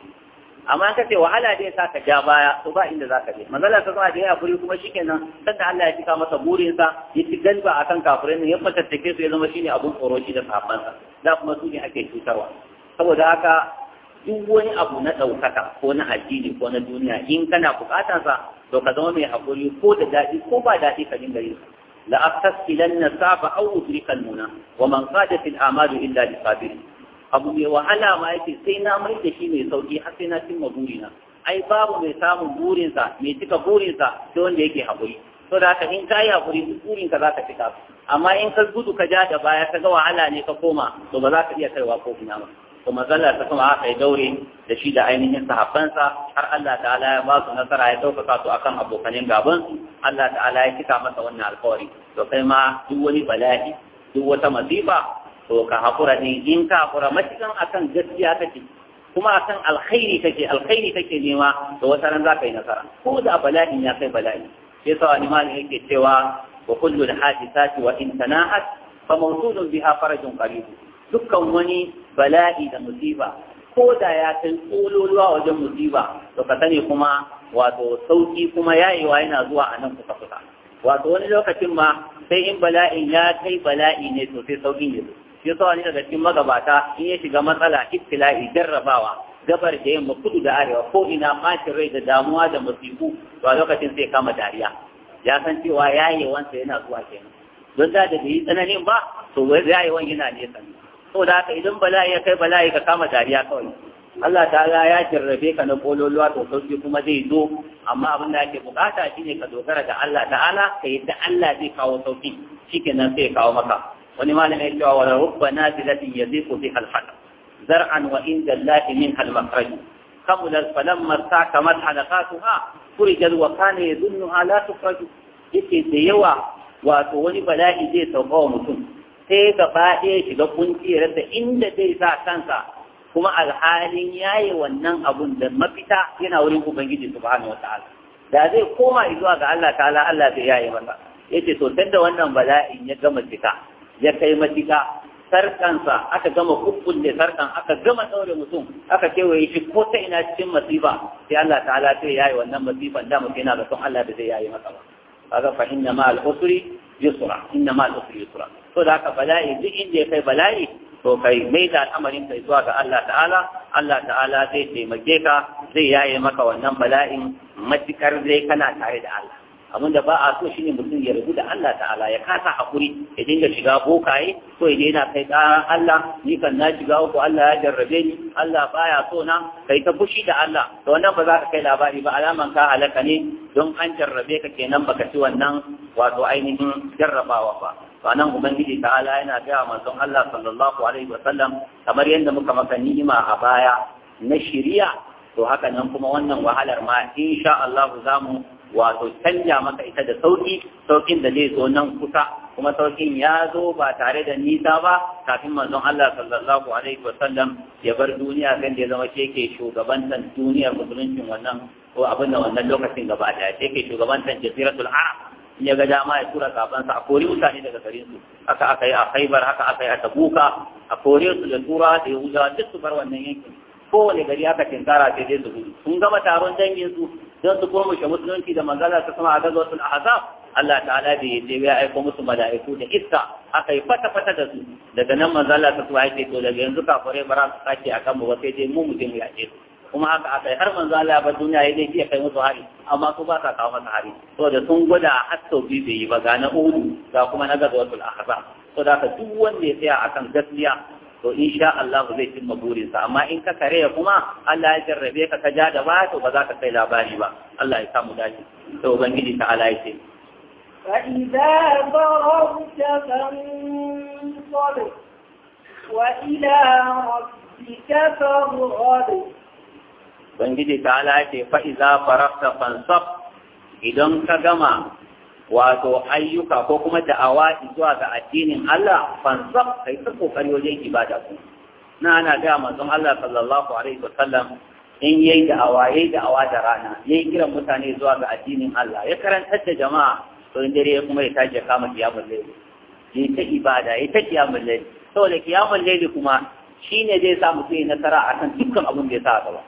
amma ka ce wahala dai sa ka ja baya to ba inda za ka je manzala ta zama da ya hakuri kuma shikenan kenan da Allah ya kika masa burinsa ya ci galba akan kafirin ne ya fatattake su ya zama shine abun tsoro da sahabbansa da kuma su ne ake cutarwa saboda haka duk wani abu na ɗaukaka ko na addini ko na duniya in kana bukatansa to ka zama mai haƙuri ko da daɗi ko ba daɗi ka dinga yin la ilan nasafa aw udrika almuna wa man qadat al'amalu illa lisabiri abu mai wahala ma yake sai na mai da shi mai sauki har sai na cimma burina ai babu mai samun burinsa mai cika burinsa sai wanda yake haƙuri to da ka in ka yi haƙuri duk burinka za ka cika amma in ka gudu ka ja da baya ka ga wahala ne ka koma to ba za ka iya kaiwa ko ina to manzala ta kuma aka yi daure da shi da ainihin sahabbansa har Allah ta'ala ya ba su nasara ya ɗaukaka su akan abokanin gaban Allah ta'ala ya kika masa wannan alkawari to kai ma duk wani bala'i duk wata masifa to ka hakura ne in ka hakura matukan akan gaskiya kake kuma akan alkhairi kake alkhairi kake nema to wata ran za ka yi nasara ko da bala'i ya kai bala'i sai sa wani malami yake cewa wa kullu al-hadisati wa in tanahat fa mawsulun biha farajun qarib dukkan wani bala'i da musiba ko da ya kai kololuwa wajen musiba to ka sani kuma wato sauki kuma yayewa yana zuwa a nan kusa kusa wato wani lokacin ma sai in bala'in ya kai bala'i ne to sai saukin ya zo shi sa wani daga cikin magabata in ya shiga matsala ibtila'i jarrabawa gabar da yamma kudu da arewa ko ina ɓacin rai da damuwa da musibu to a lokacin sai kama dariya ya san cewa yayewansa yana zuwa kenan don da da bai yi tsananin ba to yayewan yana nesa ne saboda haka idan bala'i ya kai bala'i ka kama dariya kawai Allah ta'ala ya jarrabe ka na kololuwa to sauki kuma zai zo amma abin da yake bukata shine ka dogara da Allah ta'ala ka yadda Allah zai kawo sauki shikenan sai ya kawo maka wani malami ya cewa wala rubba nazilatin yadhiqu biha al-fath zar'an wa inda Allah min al-makhraj qabla قبل فلما halaqatuha حلقاتها wa kana يظنها لا تخرج yake da yawa wato wani bala'i zai sauka wa mutum sai gaba ɗaya shiga kunci ya inda zai sa kansa kuma alhalin yayi wannan abun da mafita yana wurin ubangiji subhanahu wataala da zai koma zuwa ga Allah ta'ala Allah zai yaye masa yace to tunda wannan bala'in ya gama cika ya kai mafita sarkansa aka gama kukkun da sarkan aka gama ɗaure mutum aka kewaye shi ko ta ina cikin masifa sai Allah ta'ala sai yayi wannan masifan da mutum yana da son Allah da zai yayi masa ba kaga fa inna ma al-usri yusra inna ma al-usri yusra so da ka bala'i duk inda ya kai bala'i to kai mai da al'amarin kai zuwa ga Allah ta'ala Allah ta'ala zai taimake ka zai yaye maka wannan bala'in matukar zai kana tare da Allah abin da ba a so shine mutum ya rabu da Allah ta'ala ya kasa hakuri ya dinga shiga bokaye ko ya daina kai tsara Allah ni kan na shiga uku Allah ya jarrabe ni Allah baya so na kai ta fushi da Allah to wannan ba za ka kai labari ba alaman ka halaka ne don an jarrabe ka kenan baka ci wannan wato ainihin jarrabawa ba sanan ubangiji ta'ala yana gaya manzon Allah sallallahu alaihi wasallam kamar yadda muka maka ni'ima a baya na shiriya to haka nan kuma wannan wahalar ma insha Allah zamu wato canja maka ita da sauki saukin da zai zo nan kusa kuma saukin ya zo ba tare da nisa ba kafin manzon Allah sallallahu alaihi wasallam ya bar duniya kan da ya zama shi ke shugabantan duniyar musuluncin wannan ko abin da wannan lokacin gaba daya shi ke shugabantan jaziratul arab ya ga dama ya tura kafansa a kori mutane daga garin su aka aka yi a Khaibar haka aka yi a Tabuka a kore su da tura da Yahudawa duk su bar wannan yankin Ko kowane gari aka tinkara sai dai su gudu sun gama taron dangin su don su koma shi musulunci da magana ta sama a gazawatul ahzab Allah ta'ala bai yadda ya aiko musu mala'iku da iska aka yi fata-fata da su daga nan manzala ta suwa ce to daga yanzu kafare bara su sake akan mu ba sai dai mu mu je mu yaƙe su kuma haka aka yi har manzo Allah ba duniya ya dai ya kai musu hari amma su ba ka kawo masa hari saboda sun gwada har sau biyu bai yi ba ga na Uhud ga kuma na Ghazwatul Ahzab da ka duk wanda ya tsaya akan gaskiya to insha Allah zai cimma burinsa amma in ka kare kuma Allah ya jarrabe ka ka ja da ba to ba za ka kai labari ba Allah ya samu dace to ubangiji ta Allah ya ce فإذا فرغت فانصب وإلى ربك فارغب ubangiji ta halace fa'iza farafta fansaf idan ka gama wato ayyuka ko kuma da'awa zuwa ga addinin Allah fansaf kai ta kokari wajen ibada ku na ana ga Allah sallallahu alaihi wasallam in yayi da'awa yayi da'awa da rana yayi kiran mutane zuwa ga addinin Allah ya karantar da jama'a to in dare kuma ya tashi kama kiyamul layli yi ta ibada yi ta kiyamun layli saboda kiyamun layli kuma shine zai sa mutum ya nasara akan dukkan abin da ya sa a gaba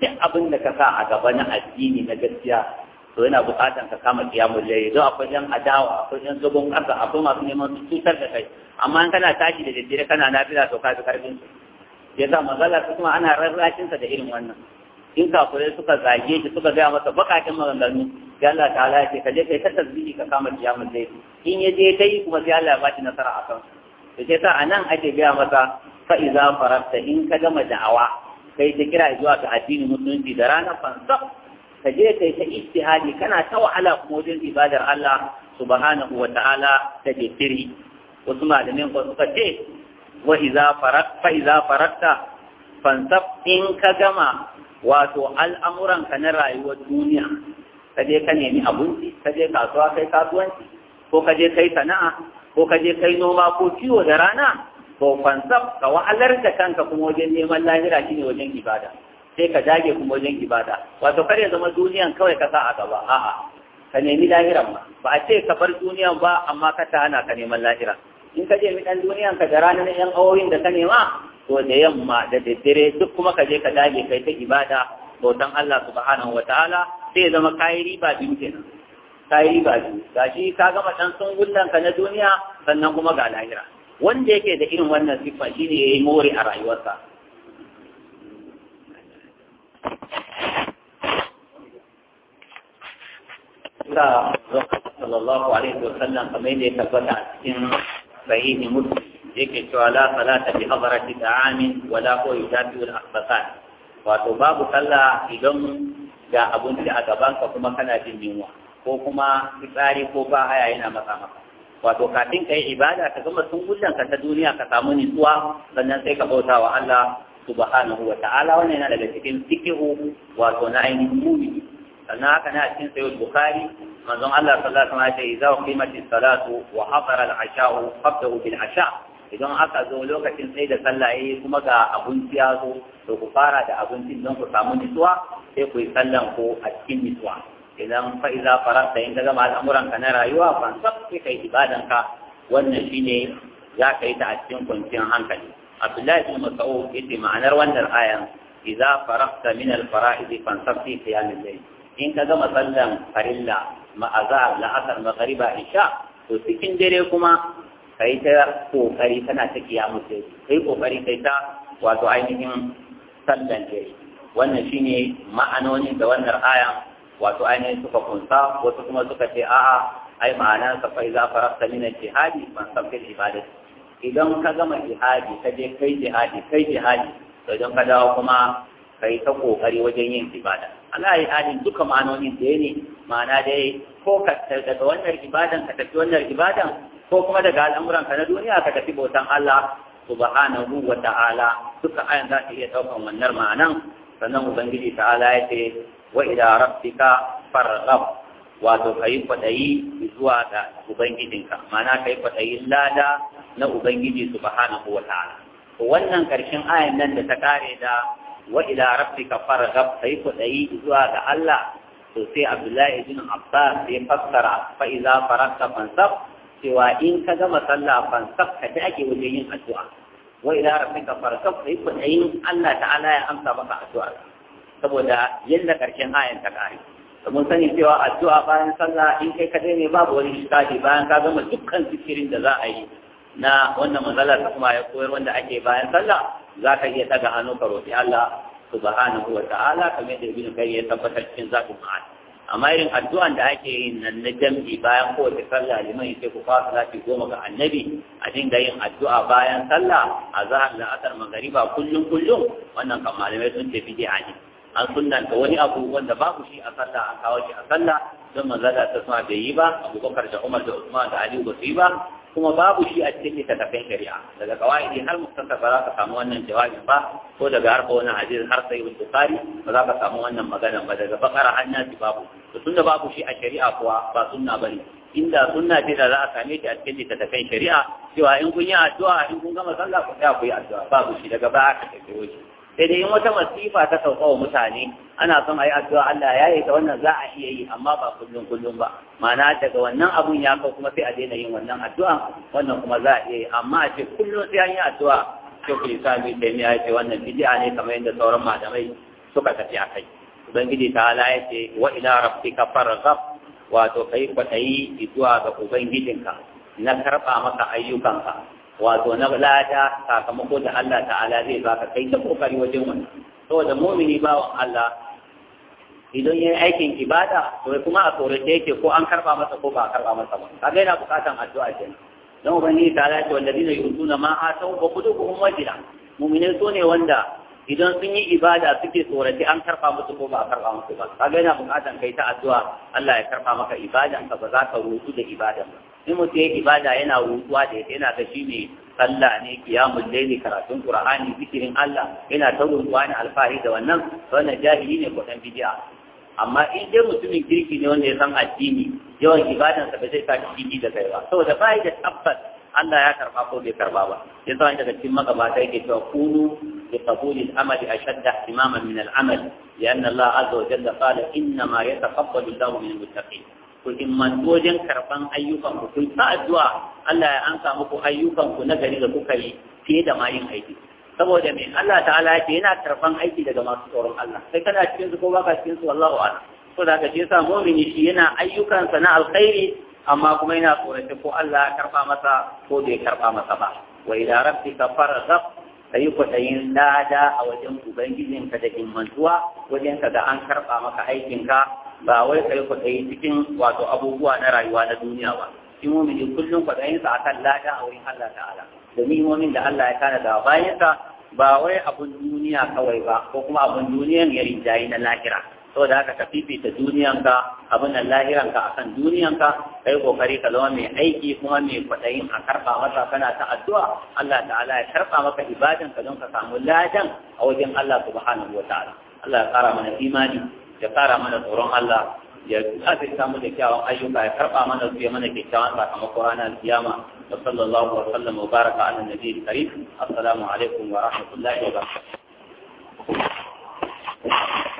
duk abin da ka sa a gaba na addini na gaskiya to yana buƙatar ka kama kiyamun layi don akwai yan adawa akwai yan zagon ƙasa akwai masu neman su cutar da kai amma in kana tashi da daddare kana nafila to ka fi karfin su ya sa magana su kuma ana rarrashin sa da irin wannan in kafirai suka zage shi suka gaya masa bakakin maganganu ya Allah ta ala ce ka je kai ta tasbihi ka kama kiyamun layi in ya je kai kuma sai Allah ya ba nasara a kan to sai sa anan ake gaya masa fa iza farafta in ka gama da'awa kai ta kira zuwa ga addinin musulunci da ranar fansa ka je kai ta ijtihadi kana ta wahala kuma wajen ibadar Allah subhanahu wa ta'ala ta jefiri wasu malamin ko suka ce wa iza fa iza farakta fansab in ka gama wato al'amuran ka na rayuwar duniya ka je ka nemi abinci ka je kasuwa kai kasuwanci ko ka je kai sana'a ko ka je kai noma ko ciwo da rana to fansab ka wa'alar da kanka kuma wajen neman lahira shine wajen ibada sai ka dage kuma wajen ibada wato kar ya zama duniyan kawai ka sa a gaba a'a ka nemi lahiran ma ba a ce ka bar duniyan ba amma ka ta hana ka neman lahira in ka je dan duniyan ka da ranar yan awoyin da ka nema to da yamma da daddare duk kuma ka je ka dage kai ta ibada dan Allah subhanahu wataala sai ya zama kayi riba biyu kenan kayi riba biyu gashi ka gama dan sungullan ka na duniya sannan kuma ga lahira wanda yake da irin wannan siffa ya yayi more a rayuwarsa da sallallahu alaihi wa sallam kamar da ya tabbata a cikin sahihi muslim yake cewa la salata bi hadarati ta'amin wa la qawi tabi'u al-akhbasat wato babu sallah idan ga abinci a gabanka kuma kana jin yunwa ko kuma fitsari ko ba haya yana maka maka wato kafin ka yi ibada ka gama sun ka ta duniya ka samu nutsuwa sannan sai ka bauta wa Allah subhanahu wa ta'ala wannan yana daga cikin fikihu wato na ainihin mumini sannan haka na cikin sayyid bukhari manzon Allah sallallahu alaihi wasallam ya ce idza qimatis salatu wa hadara al-asha'u fabda'u bil asha idan aka zo lokacin sai da sallah yayi eh, kuma ga abinci ya zo to ku fara da abincin don ku samu nutsuwa sai ku yi sallan ko a cikin nutsuwa idan fa'iza faranta in ka gama al'amuranka na rayuwa fansaf sai kai ibadanka wannan shine za ka yi ta a cikin kwanciyar hankali abdullahi bin mas'ud yace ma'anar wannan ayan idza faraqta min al-fara'id fansaf fi qiyam al-layl in ka gama sallan farilla ma'azar la'asar maghriba isha to cikin dare kuma kai ta kokari tana ta kiyamu sai kai kokari kai ta wato ainihin sallan dare wannan shine ma'anonin da wannan aya wato ainihin suka kunsa wasu kuma suka ce a'a ai ma'ana sa fa iza farasta min jihadi man sabbil ibadat idan ka gama jihadi ka je kai jihadi kai jihadi to idan ka dawo kuma kai ta kokari wajen yin ibada Allah ya duka ma'anonin da ne ma'ana dai ko ka daga wannan ibadan ka tafi wannan ibadan ko kuma daga al'amuran ka na duniya ka tafi bautan Allah subhanahu wa ta'ala duka ayan za ta iya daukan wannan ma'anan sannan ubangiji ta'ala ya ce wa ila rabbika farghab wato kai kwadayi zuwa ga ubangijinka ma'ana kai kwadayi lada na ubangiji subhanahu wa ta'ala wannan karshen ayan nan da ta kare da wa ila rabbika farghab kai kwadayi zuwa ga Allah to sai Abdullahi ibn Abbas sai fassara fa idza faragta fansab cewa in ka gama sallah fansab ka dage wajen yin addu'a wa ila rabbika farghab kai kwadayin Allah ta'ala ya amsa maka addu'a saboda yadda ƙarshen ayan ta kare mun sani cewa addu'a bayan sallah in kai kaɗai ne babu wani shikali bayan ka gama dukkan zikirin da za a yi na wannan matsalar ta kuma ya koyar wanda ake bayan sallah za ka iya daga hannu ka roƙi Allah subhanahu wa ta'ala kamar yadda ibnu kai ya tabbatar cikin zaku ma'an amma irin addu'an da ake yin nan na jam'i bayan kowace sallah liman ce ku fara salati goma ga annabi a dinga yin addu'a bayan sallah a zahar la'asar magariba kullum kullum wannan kan malamai sun tafi da ne an sunanta wani abu wanda babu shi a sallah a kawo shi a sallah don manzala ta sama bai yi ba abubakar da umar da usman da aliyu ba su yi ba kuma babu shi a cikin littattafan shari'a daga kawai har mustanta ba za ka samu wannan jawabin ba ko daga harka wani hadis har sai wani bukari ba za ka samu wannan maganan ba daga bakara an nasi babu to tunda babu shi a shari'a kuwa ba sunna bane inda sunna ce da za a same shi a cikin littattafan shari'a cewa in kun yi addu'a in kun gama sallah ku tsaya ku yi addu'a babu shi daga baya aka kirkiro sai dai in wata masifa ta sauka wa mutane ana son a yi addu'a Allah ya yi ta wannan za a iya yi amma ba kullum kullum ba ma'ana daga wannan abun ya kai kuma sai a daina yin wannan addu'a wannan kuma za a iya yi amma a ce kullum sai an yi addu'a sai ku yi sami da ya ce wannan bid'a ne kamar yadda sauran malamai suka tafi a kai ubangiji ta ala ya ce wa ila rabbika farghab wato kai kwatayi zuwa ga ubangijinka na karba maka ayyukanka wato na lada sakamako da Allah ta'ala zai baka kai ta kokari wajen wani, saboda mumini bawan Allah idan yayi aikin ibada to kuma a tsorace yake ko an karba masa ko ba a karba masa ba kaga yana bukatan addu'a kenan dan ubangiji ta lati wallazina yu'tuna ma ta wa qulubuhum mumini mu'minin sune wanda idan sun yi ibada suke tsoraci, an karfa musu ko ba a karfa musu ba kaga yana bukatan kai ta addu'a Allah ya karfa maka ibadan ka ba za ka rutu da ibada. ba in mutum ya ibada yana rutuwa da yana ga shi ne sallah ne kiyamun laili karatun qur'ani zikirin Allah yana ta rutuwa ne alfahari da wannan wannan jahili ne ko dan bid'a amma in dai mutumin kirki ne wanda ya san addini yawan sa ba zai sa shi da kai ba saboda bai da tabbas Allah ya karba ko bai karba ba yasa wani daga cikin magabata yake cewa kunu بقبول الأمل أشد اهتماما من العمل لأن الله عز وجل قال إنما يتقبل الله من المتقين ku himmantu wajen karɓan ayyukanku ku ta addu'a Allah ya ansa muku ayyukanku na gari da kuka yi fiye da mayin aiki saboda me Allah ta'ala ya ce yana karɓan aiki daga masu tsoron Allah sai kana cikin su ko baka cikin su wallahu a'lam to da ka ce sa mu'mini shi yana ayyukansa na alkhairi amma kuma yana tsorace ko Allah ya karɓa masa ko bai karɓa masa ba wa ila rabbika farghab ka yi kwaɗayin lada a wajen ubangijinka da himmantuwa wajen ka ga an karɓa maka aikinka ba wai ka yi kwaɗayi cikin wato abubuwa na rayuwa na duniya ba shi mumini kullum kwaɗayinsa akan lada a wurin Allah ta'ala da ni'imomin da Allah ya kana da bayansa ba wai abun duniya kawai ba ko kuma abun duniyan ya rinjayi na lahira saboda haka ka fifita duniyanka abin nan lahiranka kan duniyanka kai kokari ka zama mai aiki kuma mai kwaɗayin a karɓa masa kana ta addu'a Allah ta'ala ya karɓa maka ibadan ka don ka samu ladan a wajen Allah subhanahu wa ta'ala Allah ya ƙara mana imani ya ƙara mana tsoron Allah ya azirta mu da kyawun ayyuka ya karɓa mana su ya mana kyakkyawan sakamako ranar kiyama wa sallallahu wa sallam wa baraka ala nabiyyi karim assalamu alaikum wa rahmatullahi wa barakatuh